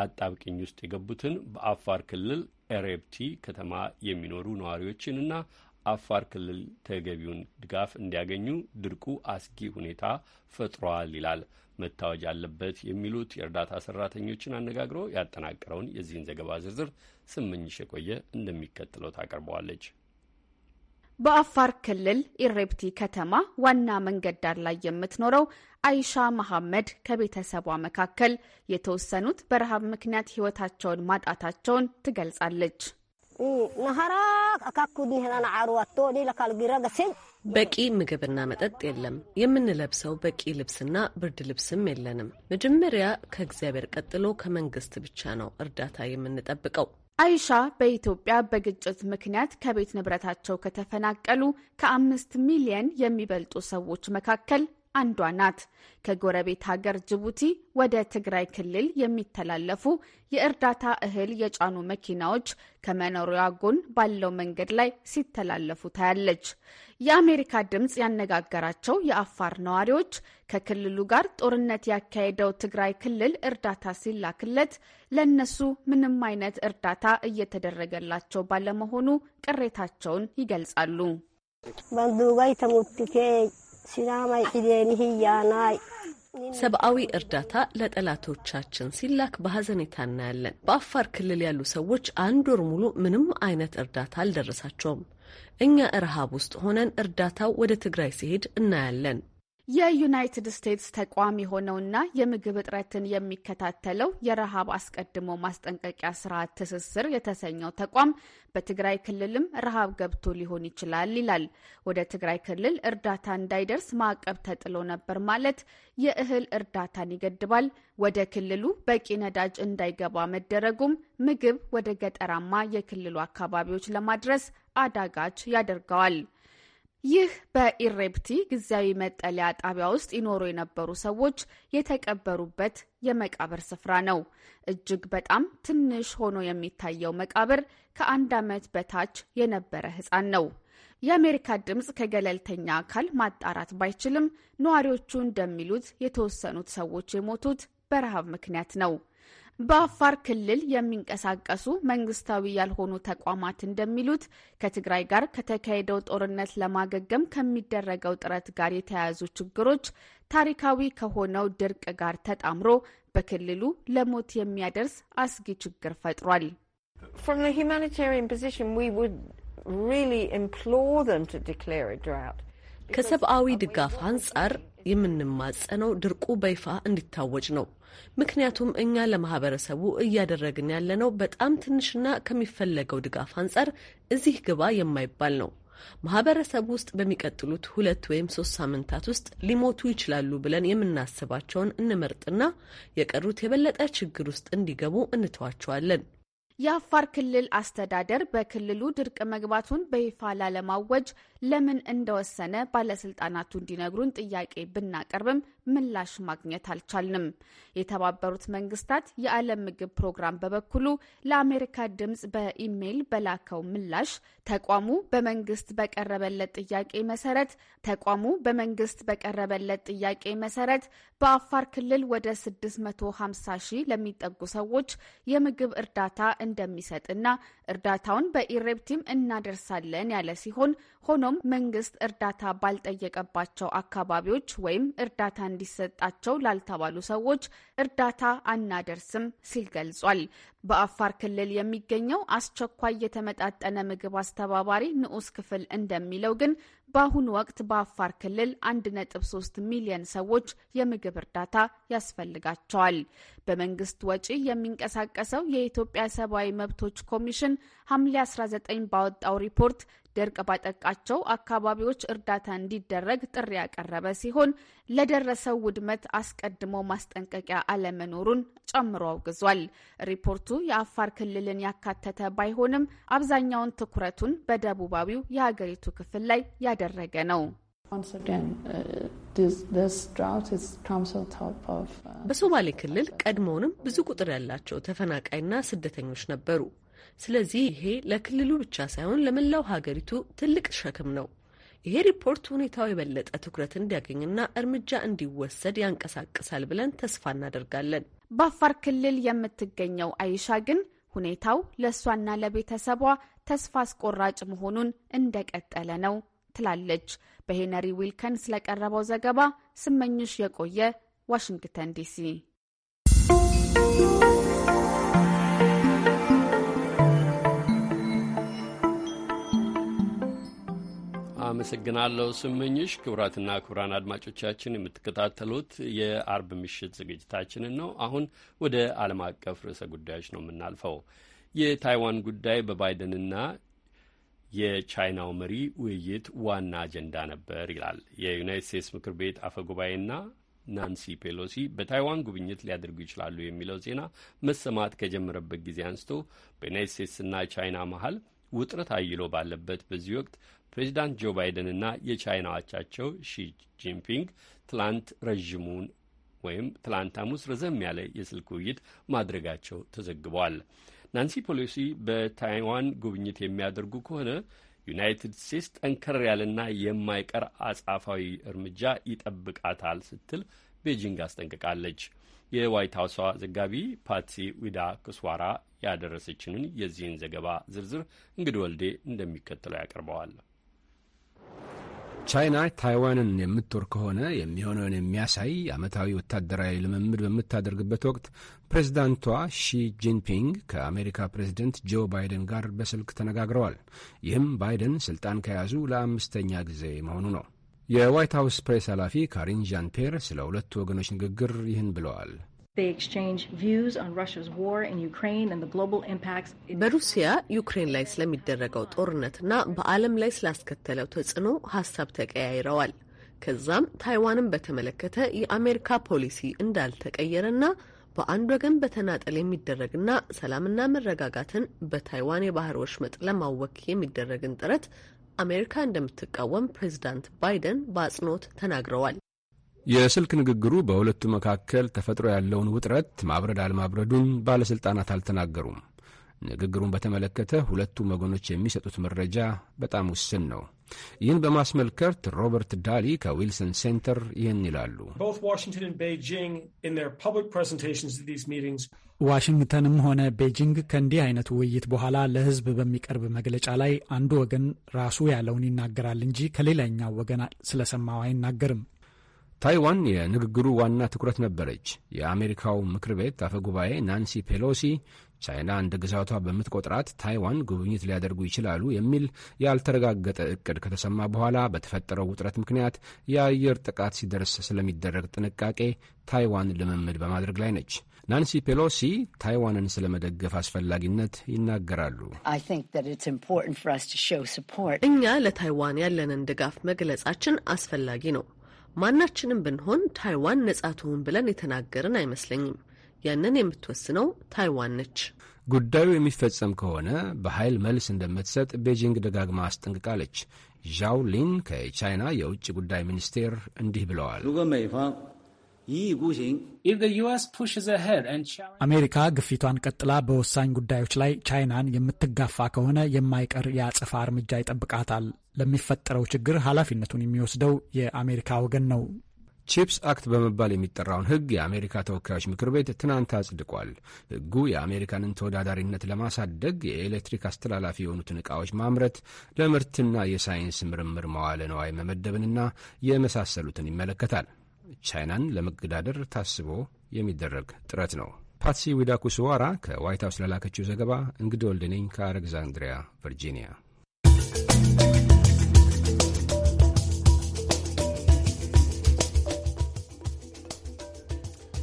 A: አጣብቅኝ ውስጥ የገቡትን በአፋር ክልል ኤሬፕቲ ከተማ የሚኖሩ ነዋሪዎችንና አፋር ክልል ተገቢውን ድጋፍ እንዲያገኙ ድርቁ አስጊ ሁኔታ ፈጥሯል ይላል። መታወጅ አለበት የሚሉት የእርዳታ ሰራተኞችን አነጋግሮ ያጠናቀረውን የዚህን ዘገባ ዝርዝር ስምኝሽ የቆየ እንደሚከተለው ታቀርበዋለች።
G: በአፋር ክልል ኢሬፕቲ ከተማ ዋና መንገድ ዳር ላይ የምትኖረው አይሻ መሐመድ ከቤተሰቧ መካከል የተወሰኑት በረሃብ ምክንያት ሕይወታቸውን ማጣታቸውን ትገልጻለች።
E: በቂ ምግብና መጠጥ የለም። የምንለብሰው በቂ ልብስና ብርድ ልብስም የለንም። መጀመሪያ ከእግዚአብሔር ቀጥሎ ከመንግስት ብቻ ነው እርዳታ
G: የምንጠብቀው። አይሻ በኢትዮጵያ በግጭት ምክንያት ከቤት ንብረታቸው ከተፈናቀሉ ከአምስት ሚሊየን የሚበልጡ ሰዎች መካከል አንዷ ናት። ከጎረቤት ሀገር ጅቡቲ ወደ ትግራይ ክልል የሚተላለፉ የእርዳታ እህል የጫኑ መኪናዎች ከመኖሪያ ጎን ባለው መንገድ ላይ ሲተላለፉ ታያለች። የአሜሪካ ድምፅ ያነጋገራቸው የአፋር ነዋሪዎች ከክልሉ ጋር ጦርነት ያካሄደው ትግራይ ክልል እርዳታ ሲላክለት ለእነሱ ምንም አይነት እርዳታ እየተደረገላቸው ባለመሆኑ ቅሬታቸውን ይገልጻሉ።
E: ሰብአዊ እርዳታ ለጠላቶቻችን ሲላክ በሀዘኔታ እናያለን። በአፋር ክልል ያሉ ሰዎች አንድ ወር ሙሉ ምንም አይነት እርዳታ አልደረሳቸውም። እኛ ረሃብ ውስጥ ሆነን እርዳታው ወደ ትግራይ ሲሄድ እናያለን።
G: የዩናይትድ ስቴትስ ተቋም የሆነውና የምግብ እጥረትን የሚከታተለው የረሃብ አስቀድሞ ማስጠንቀቂያ ስርዓት ትስስር የተሰኘው ተቋም በትግራይ ክልልም ረሃብ ገብቶ ሊሆን ይችላል ይላል። ወደ ትግራይ ክልል እርዳታ እንዳይደርስ ማዕቀብ ተጥሎ ነበር ማለት የእህል እርዳታን ይገድባል። ወደ ክልሉ በቂ ነዳጅ እንዳይገባ መደረጉም ምግብ ወደ ገጠራማ የክልሉ አካባቢዎች ለማድረስ አዳጋች ያደርገዋል። ይህ በኢሬፕቲ ጊዜያዊ መጠለያ ጣቢያ ውስጥ ይኖሩ የነበሩ ሰዎች የተቀበሩበት የመቃብር ስፍራ ነው። እጅግ በጣም ትንሽ ሆኖ የሚታየው መቃብር ከአንድ ዓመት በታች የነበረ ሕፃን ነው። የአሜሪካ ድምፅ ከገለልተኛ አካል ማጣራት ባይችልም ነዋሪዎቹ እንደሚሉት የተወሰኑት ሰዎች የሞቱት በረሃብ ምክንያት ነው። በአፋር ክልል የሚንቀሳቀሱ መንግስታዊ ያልሆኑ ተቋማት እንደሚሉት ከትግራይ ጋር ከተካሄደው ጦርነት ለማገገም ከሚደረገው ጥረት ጋር የተያያዙ ችግሮች ታሪካዊ ከሆነው ድርቅ ጋር ተጣምሮ በክልሉ ለሞት የሚያደርስ አስጊ ችግር ፈጥሯል።
E: ከሰብአዊ ድጋፍ አንጻር የምንማጸነው ድርቁ በይፋ እንዲታወጅ ነው። ምክንያቱም እኛ ለማህበረሰቡ እያደረግን ያለነው በጣም ትንሽና ከሚፈለገው ድጋፍ አንጻር እዚህ ግባ የማይባል ነው። ማህበረሰቡ ውስጥ በሚቀጥሉት ሁለት ወይም ሶስት ሳምንታት ውስጥ ሊሞቱ ይችላሉ ብለን የምናስባቸውን እንመርጥና የቀሩት የበለጠ ችግር ውስጥ እንዲገቡ እንተዋቸዋለን።
G: የአፋር ክልል አስተዳደር በክልሉ ድርቅ መግባቱን በይፋ ላለማወጅ ለምን እንደወሰነ ባለስልጣናቱ እንዲነግሩን ጥያቄ ብናቀርብም ምላሽ ማግኘት አልቻልንም። የተባበሩት መንግስታት የዓለም ምግብ ፕሮግራም በበኩሉ ለአሜሪካ ድምፅ በኢሜይል በላከው ምላሽ ተቋሙ በመንግስት በቀረበለት ጥያቄ መሰረት ተቋሙ በመንግስት በቀረበለት ጥያቄ መሰረት በአፋር ክልል ወደ 650 ሺህ ለሚጠጉ ሰዎች የምግብ እርዳታ እንደሚሰጥና እርዳታውን በኢሬብቲም እናደርሳለን ያለ ሲሆን ሆኖም መንግስት እርዳታ ባልጠየቀባቸው አካባቢዎች ወይም እርዳታ እንዲሰጣቸው ላልተባሉ ሰዎች እርዳታ አናደርስም ሲል ገልጿል። በአፋር ክልል የሚገኘው አስቸኳይ የተመጣጠነ ምግብ አስተባባሪ ንዑስ ክፍል እንደሚለው ግን በአሁኑ ወቅት በአፋር ክልል 1.3 ሚሊዮን ሰዎች የምግብ እርዳታ ያስፈልጋቸዋል። በመንግስት ወጪ የሚንቀሳቀሰው የኢትዮጵያ ሰብአዊ መብቶች ኮሚሽን ሐምሌ 19 ባወጣው ሪፖርት ድርቅ ባጠቃቸው አካባቢዎች እርዳታ እንዲደረግ ጥሪ ያቀረበ ሲሆን ለደረሰው ውድመት አስቀድሞ ማስጠንቀቂያ አለመኖሩን ጨምሮ አውግዟል። ሪፖርቱ የአፋር ክልልን ያካተተ ባይሆንም አብዛኛውን ትኩረቱን በደቡባዊው የሀገሪቱ ክፍል ላይ ያደረገ ነው።
E: በሶማሌ ክልል ቀድሞውንም ብዙ ቁጥር ያላቸው ተፈናቃይና ስደተኞች ነበሩ። ስለዚህ ይሄ ለክልሉ ብቻ ሳይሆን ለመላው ሀገሪቱ ትልቅ ሸክም ነው። ይሄ ሪፖርት ሁኔታው የበለጠ ትኩረት እንዲያገኝና እርምጃ እንዲወሰድ
G: ያንቀሳቅሳል ብለን ተስፋ እናደርጋለን። በአፋር ክልል የምትገኘው አይሻ ግን ሁኔታው ለእሷና ለቤተሰቧ ተስፋ አስቆራጭ መሆኑን እንደቀጠለ ነው ትላለች። በሄነሪ ዊልከን ስለቀረበው ዘገባ ስመኝሽ የቆየ ዋሽንግተን ዲሲ
A: አመሰግናለሁ ስመኝሽ። ክቡራትና ክቡራን አድማጮቻችን የምትከታተሉት የአርብ ምሽት ዝግጅታችንን ነው። አሁን ወደ ዓለም አቀፍ ርዕሰ ጉዳዮች ነው የምናልፈው። የታይዋን ጉዳይ በባይደንና የቻይናው መሪ ውይይት ዋና አጀንዳ ነበር ይላል የዩናይት ስቴትስ ምክር ቤት አፈ ጉባኤና ናንሲ ፔሎሲ በታይዋን ጉብኝት ሊያደርጉ ይችላሉ የሚለው ዜና መሰማት ከጀመረበት ጊዜ አንስቶ በዩናይት ስቴትስና ቻይና መሀል ውጥረት አይሎ ባለበት በዚህ ወቅት ፕሬዚዳንት ጆ ባይደንና የቻይና አቻቸው ሺ ጂንፒንግ ትላንት ረዥሙን ወይም ትላንት ሐሙስ ረዘም ያለ የስልክ ውይይት ማድረጋቸው ተዘግቧል። ናንሲ ፖሎሲ በታይዋን ጉብኝት የሚያደርጉ ከሆነ ዩናይትድ ስቴትስ ጠንከር ያለና የማይቀር አጻፋዊ እርምጃ ይጠብቃታል ስትል ቤጂንግ አስጠንቅቃለች። የዋይት ሀውሷ ዘጋቢ ፓትሲ ዊዳ ክስዋራ ያደረሰችንን የዚህን ዘገባ ዝርዝር እንግድ ወልዴ እንደሚከተለው ያቀርበዋል።
F: ቻይና ታይዋንን የምትወር ከሆነ የሚሆነውን የሚያሳይ ዓመታዊ ወታደራዊ ልምምድ በምታደርግበት ወቅት ፕሬዝዳንቷ ሺ ጂንፒንግ ከአሜሪካ ፕሬዝደንት ጆ ባይደን ጋር በስልክ ተነጋግረዋል። ይህም ባይደን ስልጣን ከያዙ ለአምስተኛ ጊዜ መሆኑ ነው። የዋይት ሀውስ ፕሬስ ኃላፊ ካሪን ዣን ፔር ስለ ሁለቱ ወገኖች ንግግር ይህን ብለዋል።
E: በሩሲያ ዩክሬን ላይ ስለሚደረገው ጦርነትና በዓለም ላይ ስላስከተለው ተጽዕኖ ሀሳብ ተቀያይረዋል። ከዛም ታይዋንን በተመለከተ የአሜሪካ ፖሊሲ እንዳልተቀየረና በአንድ ወገን በተናጠል የሚደረግና ሰላምና መረጋጋትን በታይዋን የባህር ወሽመጥ ለማወክ የሚደረግን ጥረት አሜሪካ እንደምትቃወም ፕሬዚዳንት ባይደን በአጽንኦት ተናግረዋል።
F: የስልክ ንግግሩ በሁለቱ መካከል ተፈጥሮ ያለውን ውጥረት ማብረድ አለማብረዱን ባለሥልጣናት አልተናገሩም። ንግግሩን በተመለከተ ሁለቱም ወገኖች የሚሰጡት መረጃ በጣም ውስን ነው። ይህን በማስመልከት ሮበርት ዳሊ ከዊልሰን ሴንተር ይህን ይላሉ። ዋሽንግተንም ሆነ ቤጂንግ
D: ከእንዲህ አይነት ውይይት በኋላ ለሕዝብ በሚቀርብ መግለጫ ላይ አንዱ ወገን ራሱ ያለውን ይናገራል
F: እንጂ ከሌላኛው ወገን ስለሰማው አይናገርም። ታይዋን የንግግሩ ዋና ትኩረት ነበረች። የአሜሪካው ምክር ቤት አፈ ጉባኤ ናንሲ ፔሎሲ ቻይና እንደ ግዛቷ በምትቆጥራት ታይዋን ጉብኝት ሊያደርጉ ይችላሉ የሚል ያልተረጋገጠ እቅድ ከተሰማ በኋላ በተፈጠረው ውጥረት ምክንያት የአየር ጥቃት ሲደርስ ስለሚደረግ ጥንቃቄ ታይዋን ልምምድ በማድረግ ላይ ነች። ናንሲ ፔሎሲ ታይዋንን ስለመደገፍ አስፈላጊነት ይናገራሉ።
E: እኛ ለታይዋን ያለንን ድጋፍ መግለጻችን አስፈላጊ ነው ማናችንም ብንሆን ታይዋን ነጻ ትሁን ብለን የተናገርን አይመስለኝም። ያንን የምትወስነው ታይዋን ነች።
F: ጉዳዩ የሚፈጸም ከሆነ በኃይል መልስ እንደምትሰጥ ቤጂንግ ደጋግማ አስጠንቅቃለች። ዣው ሊን ከቻይና የውጭ ጉዳይ ሚኒስቴር እንዲህ ብለዋል። አሜሪካ
D: ግፊቷን ቀጥላ በወሳኝ ጉዳዮች ላይ ቻይናን የምትጋፋ ከሆነ የማይቀር የአጽፋ እርምጃ ይጠብቃታል። ለሚፈጠረው ችግር ኃላፊነቱን የሚወስደው የአሜሪካ ወገን ነው።
F: ቺፕስ አክት በመባል የሚጠራውን ሕግ የአሜሪካ ተወካዮች ምክር ቤት ትናንት አጽድቋል። ሕጉ የአሜሪካንን ተወዳዳሪነት ለማሳደግ የኤሌክትሪክ አስተላላፊ የሆኑትን ዕቃዎች ማምረት፣ ለምርትና የሳይንስ ምርምር መዋለ ነዋይ መመደብንና የመሳሰሉትን ይመለከታል። ቻይናን ለመገዳደር ታስቦ የሚደረግ ጥረት ነው። ፓትሲ ዊዳኩስዋራ ከዋይት ሀውስ ለላከችው ዘገባ እንግዲህ ወልድነኝ ከአሌግዛንድሪያ ቨርጂኒያ።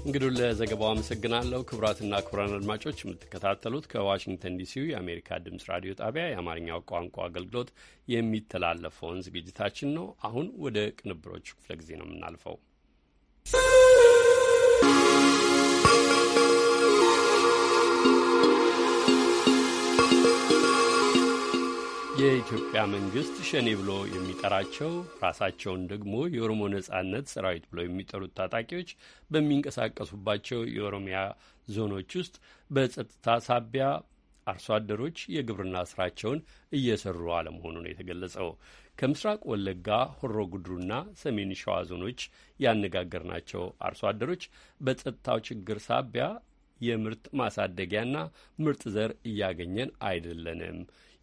A: እንግዲህ ለዘገባው አመሰግናለሁ። ክቡራትና ክቡራን አድማጮች የምትከታተሉት ከዋሽንግተን ዲሲው የአሜሪካ ድምፅ ራዲዮ ጣቢያ የአማርኛው ቋንቋ አገልግሎት የሚተላለፈውን ዝግጅታችን ነው። አሁን ወደ ቅንብሮች ክፍለ ጊዜ ነው የምናልፈው። የኢትዮጵያ መንግስት ሸኔ ብሎ የሚጠራቸው ራሳቸውን ደግሞ የኦሮሞ ነጻነት ሰራዊት ብሎ የሚጠሩት ታጣቂዎች በሚንቀሳቀሱባቸው የኦሮሚያ ዞኖች ውስጥ በጸጥታ ሳቢያ አርሶ አደሮች የግብርና ስራቸውን እየሰሩ አለመሆኑ ነው የተገለጸው። ከምስራቅ ወለጋ ሆሮ ጉድሩና ሰሜን ሸዋ ዞኖች ያነጋገርናቸው አርሶ አደሮች በጸጥታው ችግር ሳቢያ የምርት ማሳደጊያና ምርጥ ዘር እያገኘን አይደለንም፣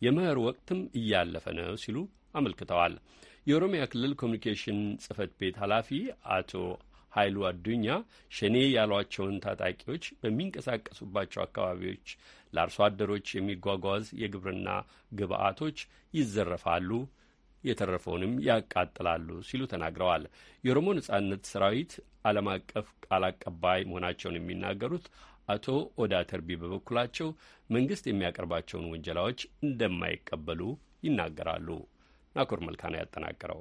A: የመኸር ወቅትም እያለፈ ነው ሲሉ አመልክተዋል። የኦሮሚያ ክልል ኮሚኒኬሽን ጽህፈት ቤት ኃላፊ አቶ ኃይሉ አዱኛ ሸኔ ያሏቸውን ታጣቂዎች በሚንቀሳቀሱባቸው አካባቢዎች ለአርሶ አደሮች የሚጓጓዝ የግብርና ግብዓቶች ይዘረፋሉ የተረፈውንም ያቃጥላሉ ሲሉ ተናግረዋል። የኦሮሞ ነጻነት ሰራዊት ዓለም አቀፍ ቃል አቀባይ መሆናቸውን የሚናገሩት አቶ ኦዳ ተርቢ በበኩላቸው መንግስት የሚያቀርባቸውን ውንጀላዎች እንደማይቀበሉ ይናገራሉ። ናኮር መልካ ነው
K: ያጠናቀረው።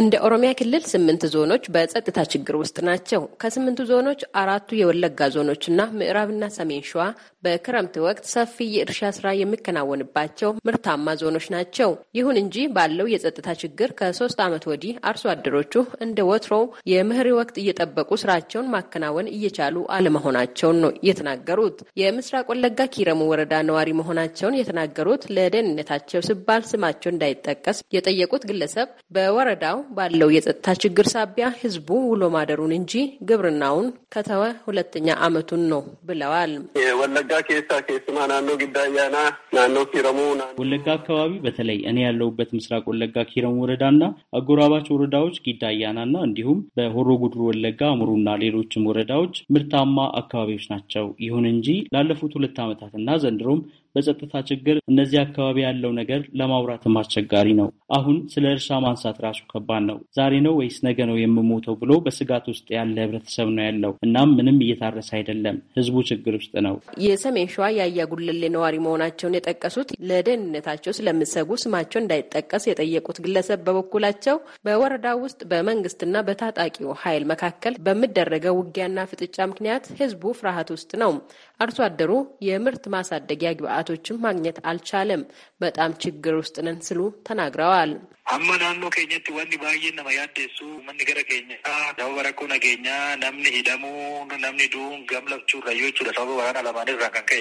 K: እንደ ኦሮሚያ ክልል ስምንት ዞኖች በጸጥታ ችግር ውስጥ ናቸው። ከስምንቱ ዞኖች አራቱ የወለጋ ዞኖችና ምዕራብና ሰሜን ሸዋ በክረምት ወቅት ሰፊ የእርሻ ስራ የሚከናወንባቸው ምርታማ ዞኖች ናቸው። ይሁን እንጂ ባለው የጸጥታ ችግር ከሶስት ዓመት ወዲህ አርሶ አደሮቹ እንደ ወትሮው የምህሪ ወቅት እየጠበቁ ስራቸውን ማከናወን እየቻሉ አለመሆናቸውን ነው የተናገሩት። የምስራቅ ወለጋ ኪረሙ ወረዳ ነዋሪ መሆናቸውን የተናገሩት ለደህንነታቸው ሲባል ስማቸው እንዳይጠቀስ የጠየቁት ግለሰብ በወረዳው ባለው የጸጥታ ችግር ሳቢያ ህዝቡ ውሎ ማደሩን እንጂ ግብርናውን ከተወ ሁለተኛ ዓመቱን ነው ብለዋል። ኬሳ ኬስማ
A: ናኖ ግዳያና ናኖ ኪረሙ
M: ወለጋ አካባቢ በተለይ እኔ ያለሁበት ምስራቅ ወለጋ ኪረሙ ወረዳና አጎራባች ወረዳዎች ጊዳያናና እንዲሁም በሆሮ ጉድሩ ወለጋ አሙሩና ሌሎችም ወረዳዎች ምርታማ አካባቢዎች ናቸው። ይሁን እንጂ ላለፉት ሁለት እና ዘንድሮም በጸጥታ ችግር እነዚህ አካባቢ ያለው ነገር ለማውራትም አስቸጋሪ ነው። አሁን ስለ እርሻ ማንሳት ራሱ ከባድ ነው። ዛሬ ነው ወይስ ነገ ነው የምሞተው ብሎ በስጋት ውስጥ ያለ ህብረተሰብ ነው ያለው። እናም ምንም እየታረሰ አይደለም። ህዝቡ ችግር ውስጥ ነው።
K: የሰሜን ሸዋ የአያ ጉለሌ ነዋሪ መሆናቸውን የጠቀሱት ለደህንነታቸው ስለምሰጉ ስማቸው እንዳይጠቀስ የጠየቁት ግለሰብ በበኩላቸው በወረዳ ውስጥ በመንግስትና በታጣቂው ኃይል መካከል በሚደረገው ውጊያና ፍጥጫ ምክንያት ህዝቡ ፍርሃት ውስጥ ነው። አርሶ አደሩ የምርት ማሳደጊያ ግብአቶችን ማግኘት አልቻለም። በጣም ችግር ውስጥ ነን ስሉ ተናግረዋል።
N: አማ ናኖ ኬኘት ወን ባየ ነማ ያደሱ መን ገረ ኬኛ ደቡ በረኩ ነገኛ
M: ነምን ሂደሙ ነምን ዱ ገምለብቹ ረዮቹ ለሰቡ በራን አለማን ራንከንከ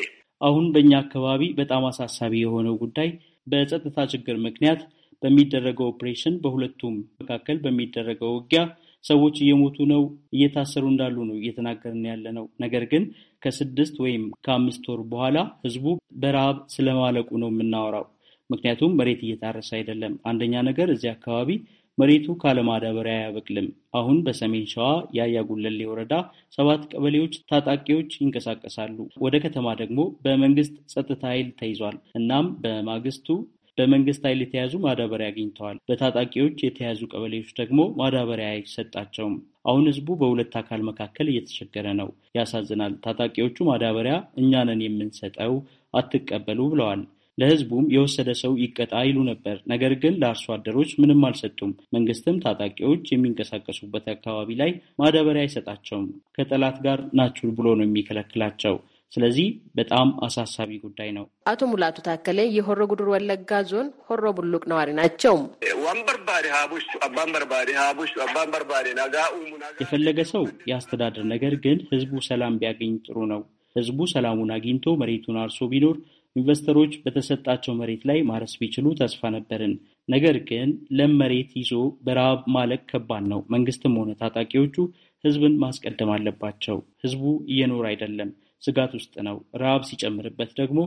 M: አሁን በእኛ አካባቢ በጣም አሳሳቢ የሆነው ጉዳይ በጸጥታ ችግር ምክንያት በሚደረገው ኦፕሬሽን በሁለቱም መካከል በሚደረገው ውጊያ ሰዎች እየሞቱ ነው፣ እየታሰሩ እንዳሉ ነው እየተናገርን ያለ ነው። ነገር ግን ከስድስት ወይም ከአምስት ወር በኋላ ህዝቡ በረሃብ ስለማለቁ ነው የምናወራው። ምክንያቱም መሬት እየታረሰ አይደለም። አንደኛ ነገር እዚህ አካባቢ መሬቱ ካለማዳበሪያ አያበቅልም። አሁን በሰሜን ሸዋ የአያ ጉለሌ ወረዳ ሰባት ቀበሌዎች ታጣቂዎች ይንቀሳቀሳሉ። ወደ ከተማ ደግሞ በመንግስት ጸጥታ ኃይል ተይዟል። እናም በማግስቱ በመንግስት ኃይል የተያዙ ማዳበሪያ አግኝተዋል። በታጣቂዎች የተያዙ ቀበሌዎች ደግሞ ማዳበሪያ አይሰጣቸውም። አሁን ህዝቡ በሁለት አካል መካከል እየተቸገረ ነው። ያሳዝናል። ታጣቂዎቹ ማዳበሪያ እኛንን የምንሰጠው አትቀበሉ ብለዋል። ለህዝቡም የወሰደ ሰው ይቀጣ ይሉ ነበር። ነገር ግን ለአርሶ አደሮች ምንም አልሰጡም። መንግስትም ታጣቂዎች የሚንቀሳቀሱበት አካባቢ ላይ ማዳበሪያ አይሰጣቸውም፣ ከጠላት ጋር ናችሁ ብሎ ነው የሚከለክላቸው። ስለዚህ በጣም አሳሳቢ ጉዳይ ነው።
K: አቶ ሙላቱ ታከለ የሆሮ ጉዱር ወለጋ ዞን ሆሮ ቡሉቅ ነዋሪ ናቸው።
M: የፈለገ ሰው የአስተዳደር ነገር ግን ህዝቡ ሰላም ቢያገኝ ጥሩ ነው። ህዝቡ ሰላሙን አግኝቶ መሬቱን አርሶ ቢኖር ኢንቨስተሮች በተሰጣቸው መሬት ላይ ማረስ ቢችሉ ተስፋ ነበርን። ነገር ግን ለም መሬት ይዞ በረሃብ ማለቅ ከባድ ነው። መንግስትም ሆነ ታጣቂዎቹ ህዝብን ማስቀደም አለባቸው። ህዝቡ እየኖረ አይደለም። ስጋት ውስጥ ነው። ረሃብ ሲጨምርበት ደግሞ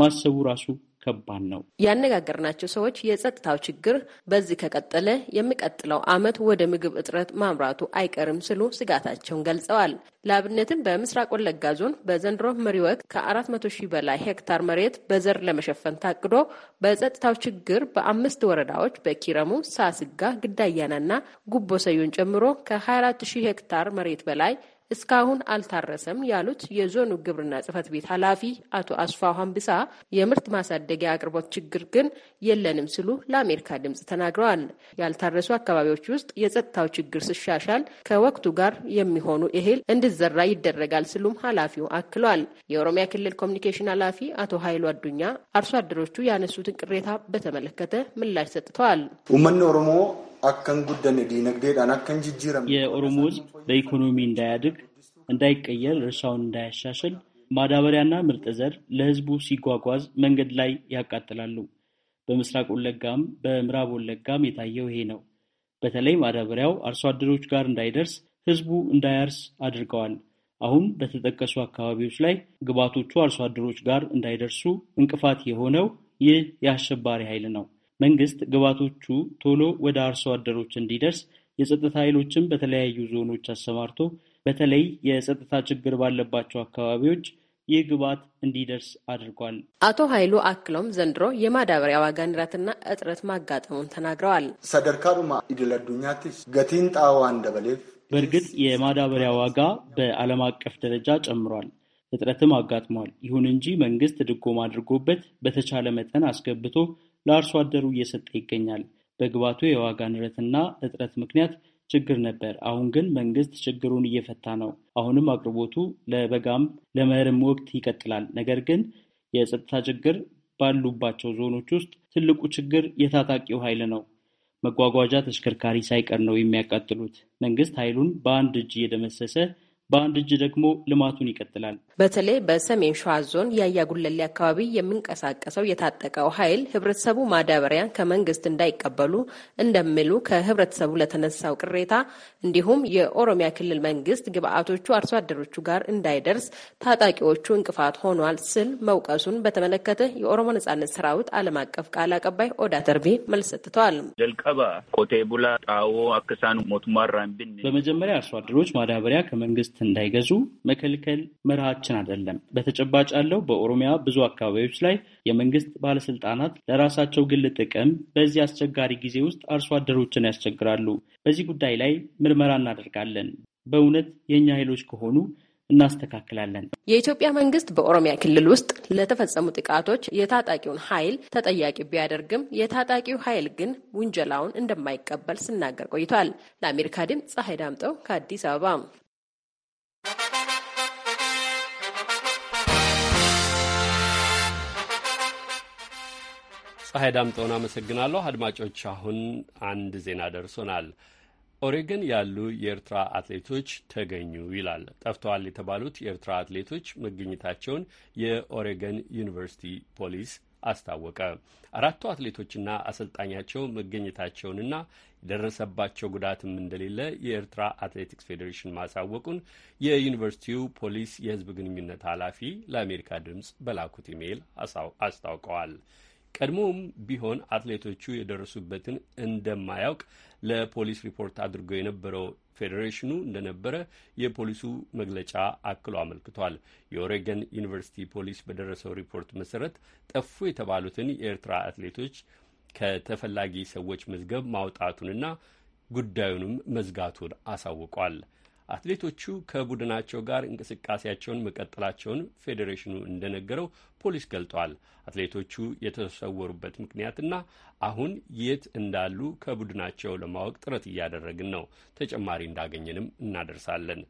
M: ማሰቡ ራሱ ከባድ ነው።
K: ያነጋገርናቸው ሰዎች የጸጥታው ችግር በዚህ ከቀጠለ የሚቀጥለው ዓመት ወደ ምግብ እጥረት ማምራቱ አይቀርም ስሉ ስጋታቸውን ገልጸዋል። ለአብነትም በምስራቅ ወለጋ ዞን በዘንድሮ መሪ ወቅት ከ400 ሺህ በላይ ሄክታር መሬት በዘር ለመሸፈን ታቅዶ በጸጥታው ችግር በአምስት ወረዳዎች በኪረሙ፣ ሳስጋ፣ ግዳያና ጉቦ ሰዮን ጨምሮ ከ24 ሺህ ሄክታር መሬት በላይ እስካሁን አልታረሰም ያሉት የዞኑ ግብርና ጽህፈት ቤት ኃላፊ አቶ አስፋው ሀምብሳ የምርት ማሳደጊያ አቅርቦት ችግር ግን የለንም ሲሉ ለአሜሪካ ድምጽ ተናግረዋል። ያልታረሱ አካባቢዎች ውስጥ የጸጥታው ችግር ሲሻሻል ከወቅቱ ጋር የሚሆኑ እህል እንዲዘራ ይደረጋል ሲሉም ኃላፊው አክሏል። የኦሮሚያ ክልል ኮሚኒኬሽን ኃላፊ አቶ ኃይሉ አዱኛ አርሶ አደሮቹ ያነሱትን ቅሬታ በተመለከተ ምላሽ ሰጥተዋል።
F: ኡመን
M: ኦሮሞ የኦሮሞ ሕዝብ በኢኮኖሚ እንዳያድግ እንዳይቀየር፣ እርሻውን እንዳያሻሽል ማዳበሪያና ምርጥ ዘር ለሕዝቡ ሲጓጓዝ መንገድ ላይ ያቃጥላሉ። በምስራቅ ወለጋም በምዕራብ ወለጋም የታየው ይሄ ነው። በተለይ ማዳበሪያው አርሶ አደሮች ጋር እንዳይደርስ ህዝቡ እንዳያርስ አድርገዋል። አሁን በተጠቀሱ አካባቢዎች ላይ ግብዓቶቹ አርሶ አደሮች ጋር እንዳይደርሱ እንቅፋት የሆነው ይህ የአሸባሪ ኃይል ነው። መንግስት ግባቶቹ ቶሎ ወደ አርሶ አደሮች እንዲደርስ የጸጥታ ኃይሎችን በተለያዩ ዞኖች አሰማርቶ በተለይ የጸጥታ ችግር ባለባቸው አካባቢዎች ይህ ግብዓት እንዲደርስ አድርጓል።
K: አቶ ኃይሉ አክለውም ዘንድሮ የማዳበሪያ ዋጋ ንረትና እጥረት ማጋጠሙን ተናግረዋል።
B: ሰደርካዱማ ኢድለዱኛቲስ ገቲን ጣዋ ደበሌፍ በእርግጥ የማዳበሪያ ዋጋ
M: በዓለም አቀፍ ደረጃ ጨምሯል፣ እጥረትም አጋጥሟል። ይሁን እንጂ መንግስት ድጎማ አድርጎበት በተቻለ መጠን አስገብቶ ለአርሶ አደሩ እየሰጠ ይገኛል። በግባቱ የዋጋ ንረትና እጥረት ምክንያት ችግር ነበር። አሁን ግን መንግስት ችግሩን እየፈታ ነው። አሁንም አቅርቦቱ ለበጋም ለመኸርም ወቅት ይቀጥላል። ነገር ግን የጸጥታ ችግር ባሉባቸው ዞኖች ውስጥ ትልቁ ችግር የታጣቂው ኃይል ነው። መጓጓዣ ተሽከርካሪ ሳይቀር ነው የሚያቃጥሉት። መንግስት ኃይሉን በአንድ እጅ እየደመሰሰ በአንድ እጅ ደግሞ ልማቱን ይቀጥላል።
K: በተለይ በሰሜን ሸዋ ዞን የአያጉለሌ ጉለሌ አካባቢ የሚንቀሳቀሰው የታጠቀው ኃይል ህብረተሰቡ ማዳበሪያን ከመንግስት እንዳይቀበሉ እንደሚሉ ከህብረተሰቡ ለተነሳው ቅሬታ፣ እንዲሁም የኦሮሚያ ክልል መንግስት ግብአቶቹ አርሶ አደሮቹ ጋር እንዳይደርስ ታጣቂዎቹ እንቅፋት ሆኗል ስል መውቀሱን በተመለከተ የኦሮሞ ነጻነት ሰራዊት ዓለም አቀፍ ቃል አቀባይ ኦዳ ተርቢ መልስ ሰጥተዋል።
M: ጀልቀባ ቆቴ ቡላ ጣዎ አክሳኑ ሞቱማራን በመጀመሪያ አርሶ አደሮች ማዳበሪያ ከመንግስት እንዳይገዙ መከልከል መርሃችን አይደለም። በተጨባጭ ያለው በኦሮሚያ ብዙ አካባቢዎች ላይ የመንግስት ባለስልጣናት ለራሳቸው ግል ጥቅም በዚህ አስቸጋሪ ጊዜ ውስጥ አርሶ አደሮችን ያስቸግራሉ። በዚህ ጉዳይ ላይ ምርመራ እናደርጋለን። በእውነት የእኛ ኃይሎች ከሆኑ እናስተካክላለን።
K: የኢትዮጵያ መንግስት በኦሮሚያ ክልል ውስጥ ለተፈጸሙ ጥቃቶች የታጣቂውን ኃይል ተጠያቂ ቢያደርግም የታጣቂው ኃይል ግን ውንጀላውን እንደማይቀበል ሲናገር ቆይቷል። ለአሜሪካ ድምፅ ፀሐይ ዳምጠው ከአዲስ አበባ
A: ፀሐይ ዳምጠውን አመሰግናለሁ። አድማጮች አሁን አንድ ዜና ደርሶናል። ኦሬገን ያሉ የኤርትራ አትሌቶች ተገኙ ይላል። ጠፍተዋል የተባሉት የኤርትራ አትሌቶች መገኘታቸውን የኦሬገን ዩኒቨርሲቲ ፖሊስ አስታወቀ። አራቱ አትሌቶችና አሰልጣኛቸው መገኘታቸውንና የደረሰባቸው ጉዳትም እንደሌለ የኤርትራ አትሌቲክስ ፌዴሬሽን ማሳወቁን የዩኒቨርሲቲው ፖሊስ የሕዝብ ግንኙነት ኃላፊ ለአሜሪካ ድምፅ በላኩት ኢሜይል አስታውቀዋል። ቀድሞም ቢሆን አትሌቶቹ የደረሱበትን እንደማያውቅ ለፖሊስ ሪፖርት አድርገው የነበረው ፌዴሬሽኑ እንደነበረ የፖሊሱ መግለጫ አክሎ አመልክቷል። የኦሬገን ዩኒቨርሲቲ ፖሊስ በደረሰው ሪፖርት መሰረት ጠፉ የተባሉትን የኤርትራ አትሌቶች ከተፈላጊ ሰዎች መዝገብ ማውጣቱንና ጉዳዩንም መዝጋቱን አሳውቋል። አትሌቶቹ ከቡድናቸው ጋር እንቅስቃሴያቸውን መቀጠላቸውን ፌዴሬሽኑ እንደነገረው ፖሊስ ገልጧል። አትሌቶቹ የተሰወሩበት ምክንያትና አሁን የት እንዳሉ ከቡድናቸው ለማወቅ ጥረት እያደረግን ነው። ተጨማሪ እንዳገኘንም እናደርሳለን።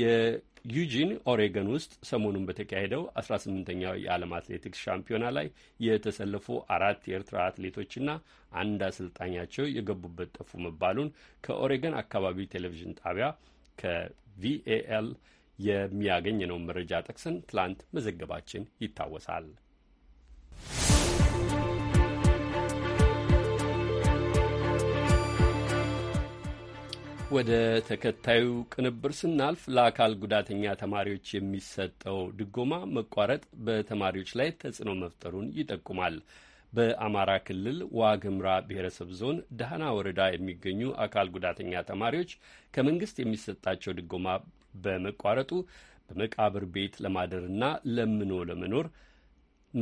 A: የዩጂን ኦሬገን ውስጥ ሰሞኑን በተካሄደው 18ኛው የዓለም አትሌቲክስ ሻምፒዮና ላይ የተሰለፉ አራት የኤርትራ አትሌቶችና አንድ አሰልጣኛቸው የገቡበት ጠፉ መባሉን ከኦሬገን አካባቢ ቴሌቪዥን ጣቢያ ከቪኤኤል የሚያገኝ ነው መረጃ ጠቅሰን ትላንት መዘገባችን ይታወሳል። ወደ ተከታዩ ቅንብር ስናልፍ ለአካል ጉዳተኛ ተማሪዎች የሚሰጠው ድጎማ መቋረጥ በተማሪዎች ላይ ተጽዕኖ መፍጠሩን ይጠቁማል። በአማራ ክልል ዋግምራ ብሔረሰብ ዞን ደህና ወረዳ የሚገኙ አካል ጉዳተኛ ተማሪዎች ከመንግስት የሚሰጣቸው ድጎማ በመቋረጡ በመቃብር ቤት ለማደርና ለምኖ ለመኖር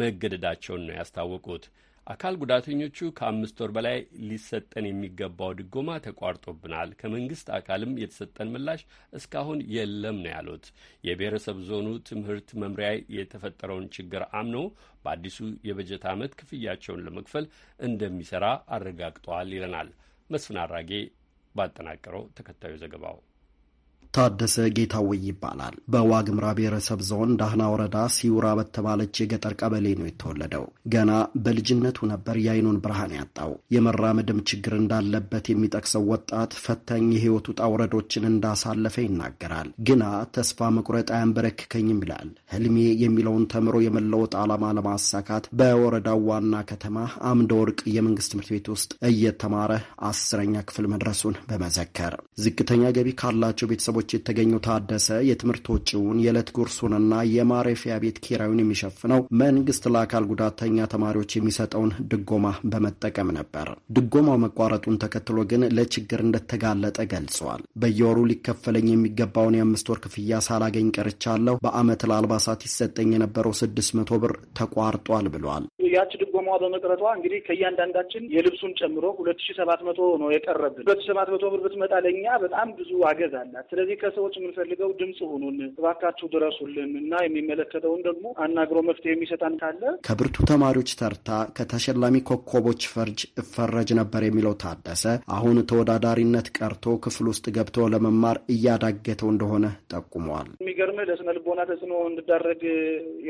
A: መገደዳቸውን ነው ያስታወቁት። አካል ጉዳተኞቹ ከአምስት ወር በላይ ሊሰጠን የሚገባው ድጎማ ተቋርጦብናል፣ ከመንግስት አካልም የተሰጠን ምላሽ እስካሁን የለም ነው ያሉት። የብሔረሰብ ዞኑ ትምህርት መምሪያ የተፈጠረውን ችግር አምኖ በአዲሱ የበጀት ዓመት ክፍያቸውን ለመክፈል እንደሚሰራ አረጋግጧል ይለናል መስፍን አራጌ ባጠናቀረው ተከታዩ ዘገባው
O: ታደሰ ጌታወይ ይባላል። በዋግምራ ብሔረሰብ ዞን ዳህና ወረዳ ሲውራ በተባለች የገጠር ቀበሌ ነው የተወለደው። ገና በልጅነቱ ነበር የአይኑን ብርሃን ያጣው። የመራመድም ችግር እንዳለበት የሚጠቅሰው ወጣት ፈታኝ የህይወቱ ውጣ ውረዶችን እንዳሳለፈ ይናገራል። ግና ተስፋ መቁረጥ አያንበረክከኝም ይላል። ህልሜ የሚለውን ተምሮ የመለወጥ ዓላማ ለማሳካት በወረዳው ዋና ከተማ አምደ ወርቅ የመንግስት ትምህርት ቤት ውስጥ እየተማረ አስረኛ ክፍል መድረሱን በመዘከር ዝቅተኛ ገቢ ካላቸው ቤተሰቦ ቤተሰቦች የተገኘው ታደሰ የትምህርት ወጪውን የዕለት ጉርሱንና የማረፊያ ቤት ኪራዩን የሚሸፍነው መንግስት ለአካል ጉዳተኛ ተማሪዎች የሚሰጠውን ድጎማ በመጠቀም ነበር። ድጎማው መቋረጡን ተከትሎ ግን ለችግር እንደተጋለጠ ገልጿል። በየወሩ ሊከፈለኝ የሚገባውን የአምስት ወር ክፍያ ሳላገኝ ቀርቻለሁ። በአመት ለአልባሳት ይሰጠኝ የነበረው ስድስት መቶ ብር ተቋርጧል ብሏል።
N: ያች ድጎማዋ በመቅረቷ እንግዲህ ከእያንዳንዳችን የልብሱን ጨምሮ ሁለት ሺ ሰባት መቶ ነው የቀረብን። ሁለት ሺ ሰባት መቶ ብር ብትመጣ ለእኛ በጣም ብዙ አገዝ አላት። ስለዚህ ከሰዎች የምንፈልገው ድምፅ ሁኑን፣ እባካችሁ ድረሱልን እና የሚመለከተውን ደግሞ አናግሮ መፍትሄ የሚሰጣን ካለ
O: ከብርቱ ተማሪዎች ተርታ ከተሸላሚ ኮከቦች ፈርጅ እፈረጅ ነበር የሚለው ታደሰ አሁን ተወዳዳሪነት ቀርቶ ክፍል ውስጥ ገብቶ ለመማር እያዳገተው እንደሆነ ጠቁመዋል።
N: የሚገርም ለስነ ልቦና ተጽዕኖ እንድዳረግ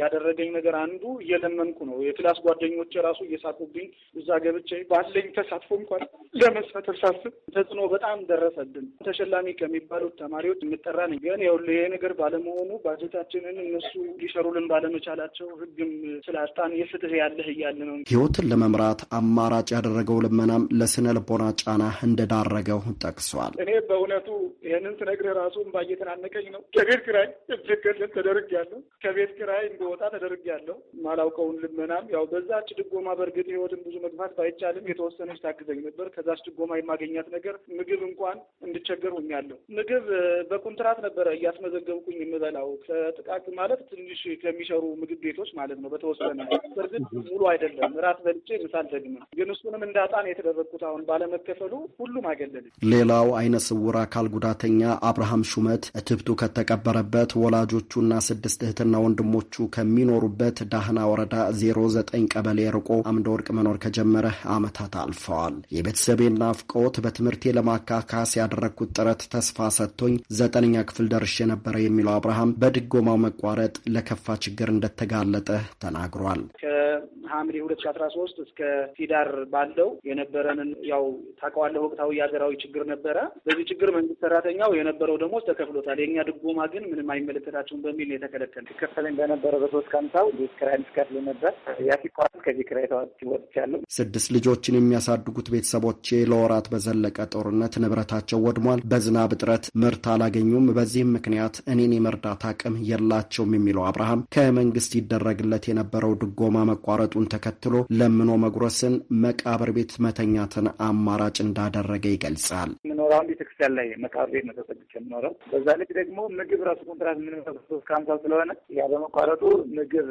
N: ያደረገኝ ነገር አንዱ እየለመንኩ ነው። የክላስ ጓደኞች ራሱ እየሳቁብኝ እዛ ገብቼ ባለኝ ተሳትፎ እንኳን ለመሳተፍ ሳስብ ተጽዕኖ በጣም ደረሰብን። ተሸላሚ ከሚባሉት ተማሪ ተማሪዎች የምጠራን ግን ይኸውልህ ይሄ ነገር ባለመሆኑ ባጀታችንን እነሱ ሊሰሩልን ባለመቻላቸው ህግም ስላጣን የፍትህ ያለህ እያለ ነው። ህይወትን
O: ለመምራት አማራጭ ያደረገው ልመናም ለስነ ልቦና ጫና እንደዳረገው ጠቅሷል።
N: እኔ በእውነቱ ይህንን ስነግርህ ራሱ እምባ እየተናነቀኝ ነው።
B: ከቤት ኪራይ እጅገልን
N: ተደርጌያለሁ። ከቤት ኪራይ እንደወጣ ተደርጌያለሁ። ማላውቀውን ልመናም ያው በዛች ድጎማ በእርግጥ ህይወትን ብዙ መግፋት ባይቻልም የተወሰነች ታግዘኝ ነበር። ከዛች ድጎማ የማገኛት ነገር ምግብ እንኳን እንድቸገር ሆኛለሁ። ምግብ በኮንትራት ነበረ እያስመዘገብኩኝ የምበላው ከጥቃቅ ማለት ትንሽ ከሚሸሩ ምግብ ቤቶች ማለት ነው። በተወሰነ በእርግጥ ሙሉ አይደለም። ራት በልቼ ምሳል ደግመ ግን እሱንም እንዳጣን የተደረግኩት አሁን ባለመከፈሉ
B: ሁሉም አገለልን።
O: ሌላው አይነ ስውር አካል ጉዳተኛ አብርሃም ሹመት እትብቱ ከተቀበረበት ወላጆቹና ስድስት እህትና ወንድሞቹ ከሚኖሩበት ዳህና ወረዳ ዜሮ ዘጠኝ ቀበሌ ርቆ አምደ ወርቅ መኖር ከጀመረ ዓመታት አልፈዋል። የቤተሰቤን ናፍቆት በትምህርቴ ለማካካስ ያደረግኩት ጥረት ተስፋ ሰጥቶኝ ዘጠነኛ ክፍል ደርሼ ነበረ የሚለው አብርሃም በድጎማው መቋረጥ ለከፋ ችግር እንደተጋለጠ ተናግሯል።
N: ከሐምሌ ሁለት ሺ አስራ ሶስት እስከ ሂዳር ባለው የነበረንን ያው ታውቀዋለህ፣ ወቅታዊ የሀገራዊ ችግር ነበረ። በዚህ ችግር መንግስት ሰራተኛው የነበረው ደሞዝ ተከፍሎታል። የእኛ ድጎማ ግን ምንም አይመለከታቸውም በሚል ነው የተከለከል። ትከፈለኝ በነበረ በሶስት ከአምሳው ቤት ኪራይ ልከፍል ነበር። ያፊ ኳስ ከዚህ ኪራይ ተዋጥቼ ወጥቻለሁ።
O: ስድስት ልጆችን የሚያሳድጉት ቤተሰቦቼ ለወራት በዘለቀ ጦርነት ንብረታቸው ወድሟል። በዝናብ እጥረት ምርታ አላገኙም። በዚህም ምክንያት እኔን የመርዳት አቅም የላቸውም የሚለው አብርሃም ከመንግስት ይደረግለት የነበረው ድጎማ መቋረጡን ተከትሎ ለምኖ መጉረስን መቃብር ቤት መተኛትን አማራጭ እንዳደረገ ይገልጻል።
N: የምኖረው አሁን ቤተክርስቲያን ላይ መቃብር ቤት መተሰግቸ የምኖረው በዛ ልጅ ደግሞ ምግብ ራሱ ኮንትራት የምንኖረው ሶስት ከሀምሳ ስለሆነ ያ በመቋረጡ ምግብ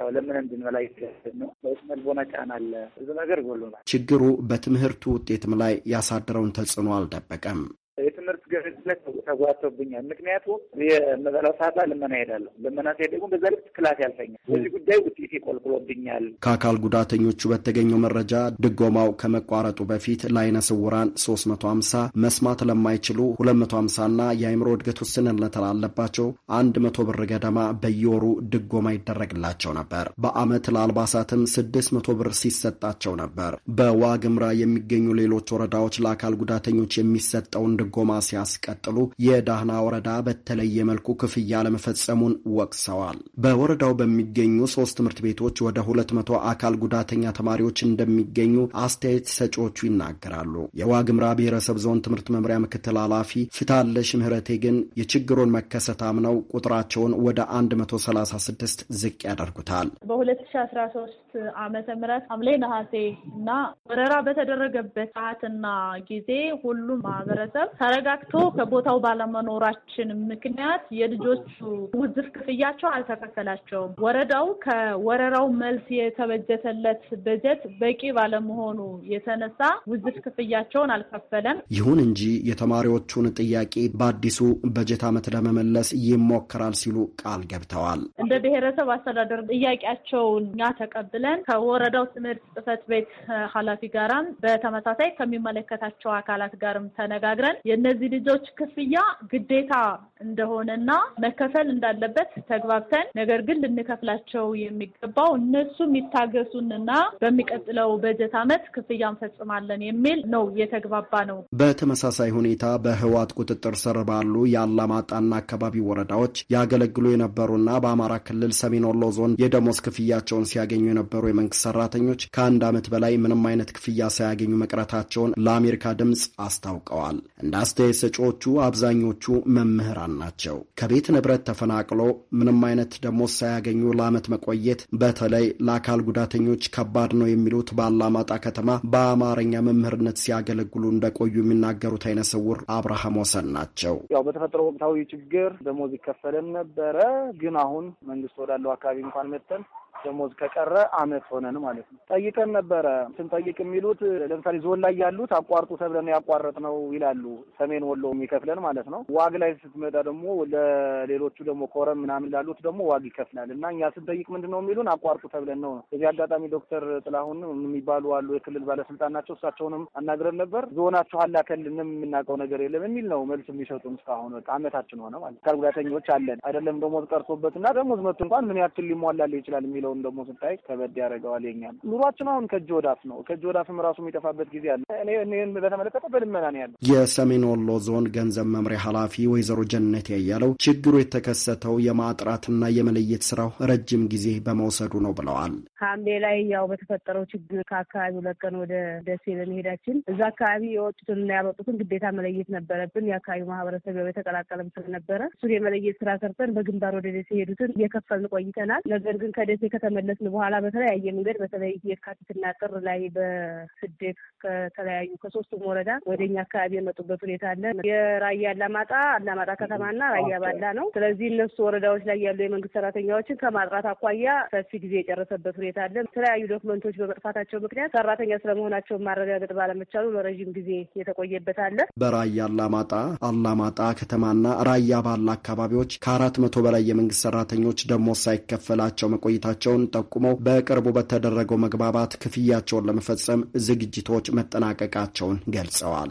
N: ያው ለምን እንድንበላ ይችላል ነው መልቦና ጫና አለ ብዙ ነገር ጎሎናል።
O: ችግሩ በትምህርቱ ውጤትም ላይ ያሳድረውን ተጽዕኖ አልደበቀም።
N: የትምህርት ገነት ተጓቶብኛል። ምክንያቱም የምበላው ሰዓት ላይ ልመና ሄዳለሁ። ልመና ሲሄድ ደግሞ በዛ ልክ ክላስ ያልፈኛል። በዚህ ጉዳይ ውጤት ይቆልቁሎብኛል።
O: ከአካል ጉዳተኞቹ በተገኘው መረጃ ድጎማው ከመቋረጡ በፊት ለአይነ ስውራን 350፣ መስማት ለማይችሉ 250 ና የአይምሮ እድገት ውስንነት ላለባቸው መቶ ብር ገደማ በየወሩ ድጎማ ይደረግላቸው ነበር። በአመት ለአልባሳትም መቶ ብር ሲሰጣቸው ነበር። በዋግምራ የሚገኙ ሌሎች ወረዳዎች ለአካል ጉዳተኞች የሚሰጠውን ድጎማ ሲያስቀጥሉ የዳህና ወረዳ በተለየ መልኩ ክፍያ ለመፈጸሙን ወቅሰዋል። በወረዳው በሚገኙ ሶስት ትምህርት ቤቶች ወደ ሁለት መቶ አካል ጉዳተኛ ተማሪዎች እንደሚገኙ አስተያየት ሰጪዎቹ ይናገራሉ። የዋግምራ ብሔረሰብ ዞን ትምህርት መምሪያ ምክትል ኃላፊ ፍታለሽ ምህረቴ ግን የችግሩን መከሰት አምነው ቁጥራቸውን ወደ 136 ዝቅ ያደርጉታል።
E: በ2013 ዓመተ ምህረት ሐምሌ፣ ነሐሴ እና ወረራ በተደረገበት ሰዓትና ጊዜ ሁሉም ማህበረሰብ ተረጋግቶ ከቦታው ባለመኖራችን ምክንያት የልጆቹ ውዝፍ ክፍያቸው አልተከፈላቸውም። ወረዳው ከወረራው መልስ የተበጀተለት በጀት በቂ ባለመሆኑ የተነሳ ውዝፍ ክፍያቸውን አልከፈለም።
O: ይሁን እንጂ የተማሪዎቹን ጥያቄ በአዲሱ በጀት ዓመት ለመመለስ ይሞከራል ሲሉ ቃል ገብተዋል።
E: እንደ ብሔረሰብ አስተዳደር ጥያቄያቸውን እኛ ተቀብለን ከወረዳው ትምህርት ጽፈት ቤት ኃላፊ ጋራም በተመሳሳይ ከሚመለከታቸው አካላት ጋርም ተነጋግረን የእነዚህ ልጆች ክፍያ ክፍያ ግዴታ እንደሆነና መከፈል እንዳለበት ተግባብተን፣ ነገር ግን ልንከፍላቸው የሚገባው እነሱም ይታገሱንና በሚቀጥለው በጀት ዓመት ክፍያ እንፈጽማለን የሚል ነው
B: የተግባባ ነው።
O: በተመሳሳይ ሁኔታ በህወሓት ቁጥጥር ስር ባሉ የአላማጣና አካባቢ ወረዳዎች ያገለግሉ የነበሩና በአማራ ክልል ሰሜን ወሎ ዞን የደሞዝ ክፍያቸውን ሲያገኙ የነበሩ የመንግስት ሰራተኞች ከአንድ ዓመት በላይ ምንም አይነት ክፍያ ሳያገኙ መቅረታቸውን ለአሜሪካ ድምፅ አስታውቀዋል። እንደ አስተያየት ሰጪዎቹ አብዛ አብዛኞቹ መምህራን ናቸው። ከቤት ንብረት ተፈናቅሎ ምንም አይነት ደሞዝ ሳያገኙ ለዓመት መቆየት በተለይ ለአካል ጉዳተኞች ከባድ ነው የሚሉት በአላማጣ ከተማ በአማርኛ መምህርነት ሲያገለግሉ እንደቆዩ የሚናገሩት አይነ ስውር አብርሃም ወሰን ናቸው።
N: ያው በተፈጠረ ወቅታዊ ችግር ደሞዝ ይከፈለን ነበረ። ግን አሁን መንግስት ወዳለው አካባቢ እንኳን መጥተን ደሞዝ ከቀረ አመት ሆነን ማለት ነው። ጠይቀን ነበረ። ስንጠይቅ የሚሉት ለምሳሌ ዞን ላይ ያሉት አቋርጡ ተብለን ያቋረጥ ነው ይላሉ። ሰሜን ወሎ የሚከፍለን ማለት ነው። ዋግ ላይ ስትመጣ ደግሞ ለሌሎቹ ደግሞ ኮረም ምናምን ላሉት ደግሞ ዋግ ይከፍላል እና እኛ ስንጠይቅ ምንድን ነው የሚሉን አቋርጡ ተብለን ነው ነው። አጋጣሚ ዶክተር ጥላሁን የሚባሉ አሉ የክልል ባለስልጣን ናቸው። እሳቸውንም አናግረን ነበር። ዞናችሁ አላከልንም የምናውቀው ነገር የለም የሚል ነው መልስ የሚሰጡን። እስካሁን በቃ አመታችን ሆነ ማለት አካል ጉዳተኞች አለን አይደለም ደሞዝ እና ደሞዝ መቶ እንኳን ምን ያክል ሊሟላል ይችላል የሚለው የሌላውን ደግሞ ስታይ ከበድ ያደርገዋል። የኛም ኑሯችን አሁን ከእጅ ወዳፍ ነው። ከእጅ ወዳፍም ራሱ የሚጠፋበት ጊዜ አለ። እኔ በተመለከተ በልመና ነው ያለው።
O: የሰሜን ወሎ ዞን ገንዘብ መምሪያ ኃላፊ ወይዘሮ ጀነት ያያለው ችግሩ የተከሰተው የማጥራትና የመለየት ስራው ረጅም ጊዜ በመውሰዱ ነው ብለዋል።
G: ሐምሌ ላይ ያው በተፈጠረው ችግር ከአካባቢው ለቀን ወደ ደሴ በመሄዳችን እዛ አካባቢ የወጡትንና ያመጡትን ግዴታ መለየት ነበረብን። የአካባቢው ማህበረሰብ ያው የተቀላቀለም ስለነበረ እሱን የመለየት ስራ ሰርተን በግንባር ወደ ደሴ ሄዱትን እየከፈልን ቆይተናል። ነገር ግን ከደሴ ከተመለስን በኋላ በተለያየ መንገድ በተለይ የካቲትና ጥር ላይ በስደት ከተለያዩ ከሶስቱም ወረዳ ወደ እኛ አካባቢ የመጡበት ሁኔታ አለ። የራያ አላማጣ አላማጣ ከተማና ራያ ባላ
E: ነው። ስለዚህ እነሱ ወረዳዎች ላይ ያሉ የመንግስት ሰራተኛዎችን ከማጥራት አኳያ ሰፊ ጊዜ የጨረሰበት ሁኔታ
G: አለ። የተለያዩ ዶክመንቶች በመጥፋታቸው ምክንያት ሰራተኛ ስለመሆናቸው ማረጋገጥ ባለመቻሉ ለረዥም ጊዜ የተቆየበት አለ።
O: በራያ አላማጣ አላማጣ ከተማና ራያ ባላ አካባቢዎች ከአራት መቶ በላይ የመንግስት ሰራተኞች ደሞዝ ሳይከፈላቸው መቆየታቸው መሆናቸውን ጠቁመው በቅርቡ በተደረገው መግባባት ክፍያቸውን ለመፈጸም ዝግጅቶች መጠናቀቃቸውን ገልጸዋል።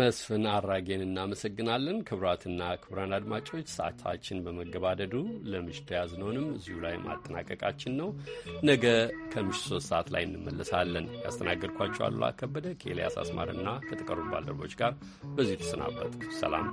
A: መስፍን አራጌን እናመሰግናለን። ክቡራትና ክቡራን አድማጮች ሰዓታችን በመገባደዱ ለምሽቱ ያዝነውንም እዚሁ ላይ ማጠናቀቃችን ነው። ነገ ከምሽት ሶስት ሰዓት ላይ እንመለሳለን። ያስተናገድኳቸው አሉላ ከበደ ከኤልያስ አስማርና ከተቀሩ ባልደረቦች ጋር በዚሁ ተሰናበት። ሰላም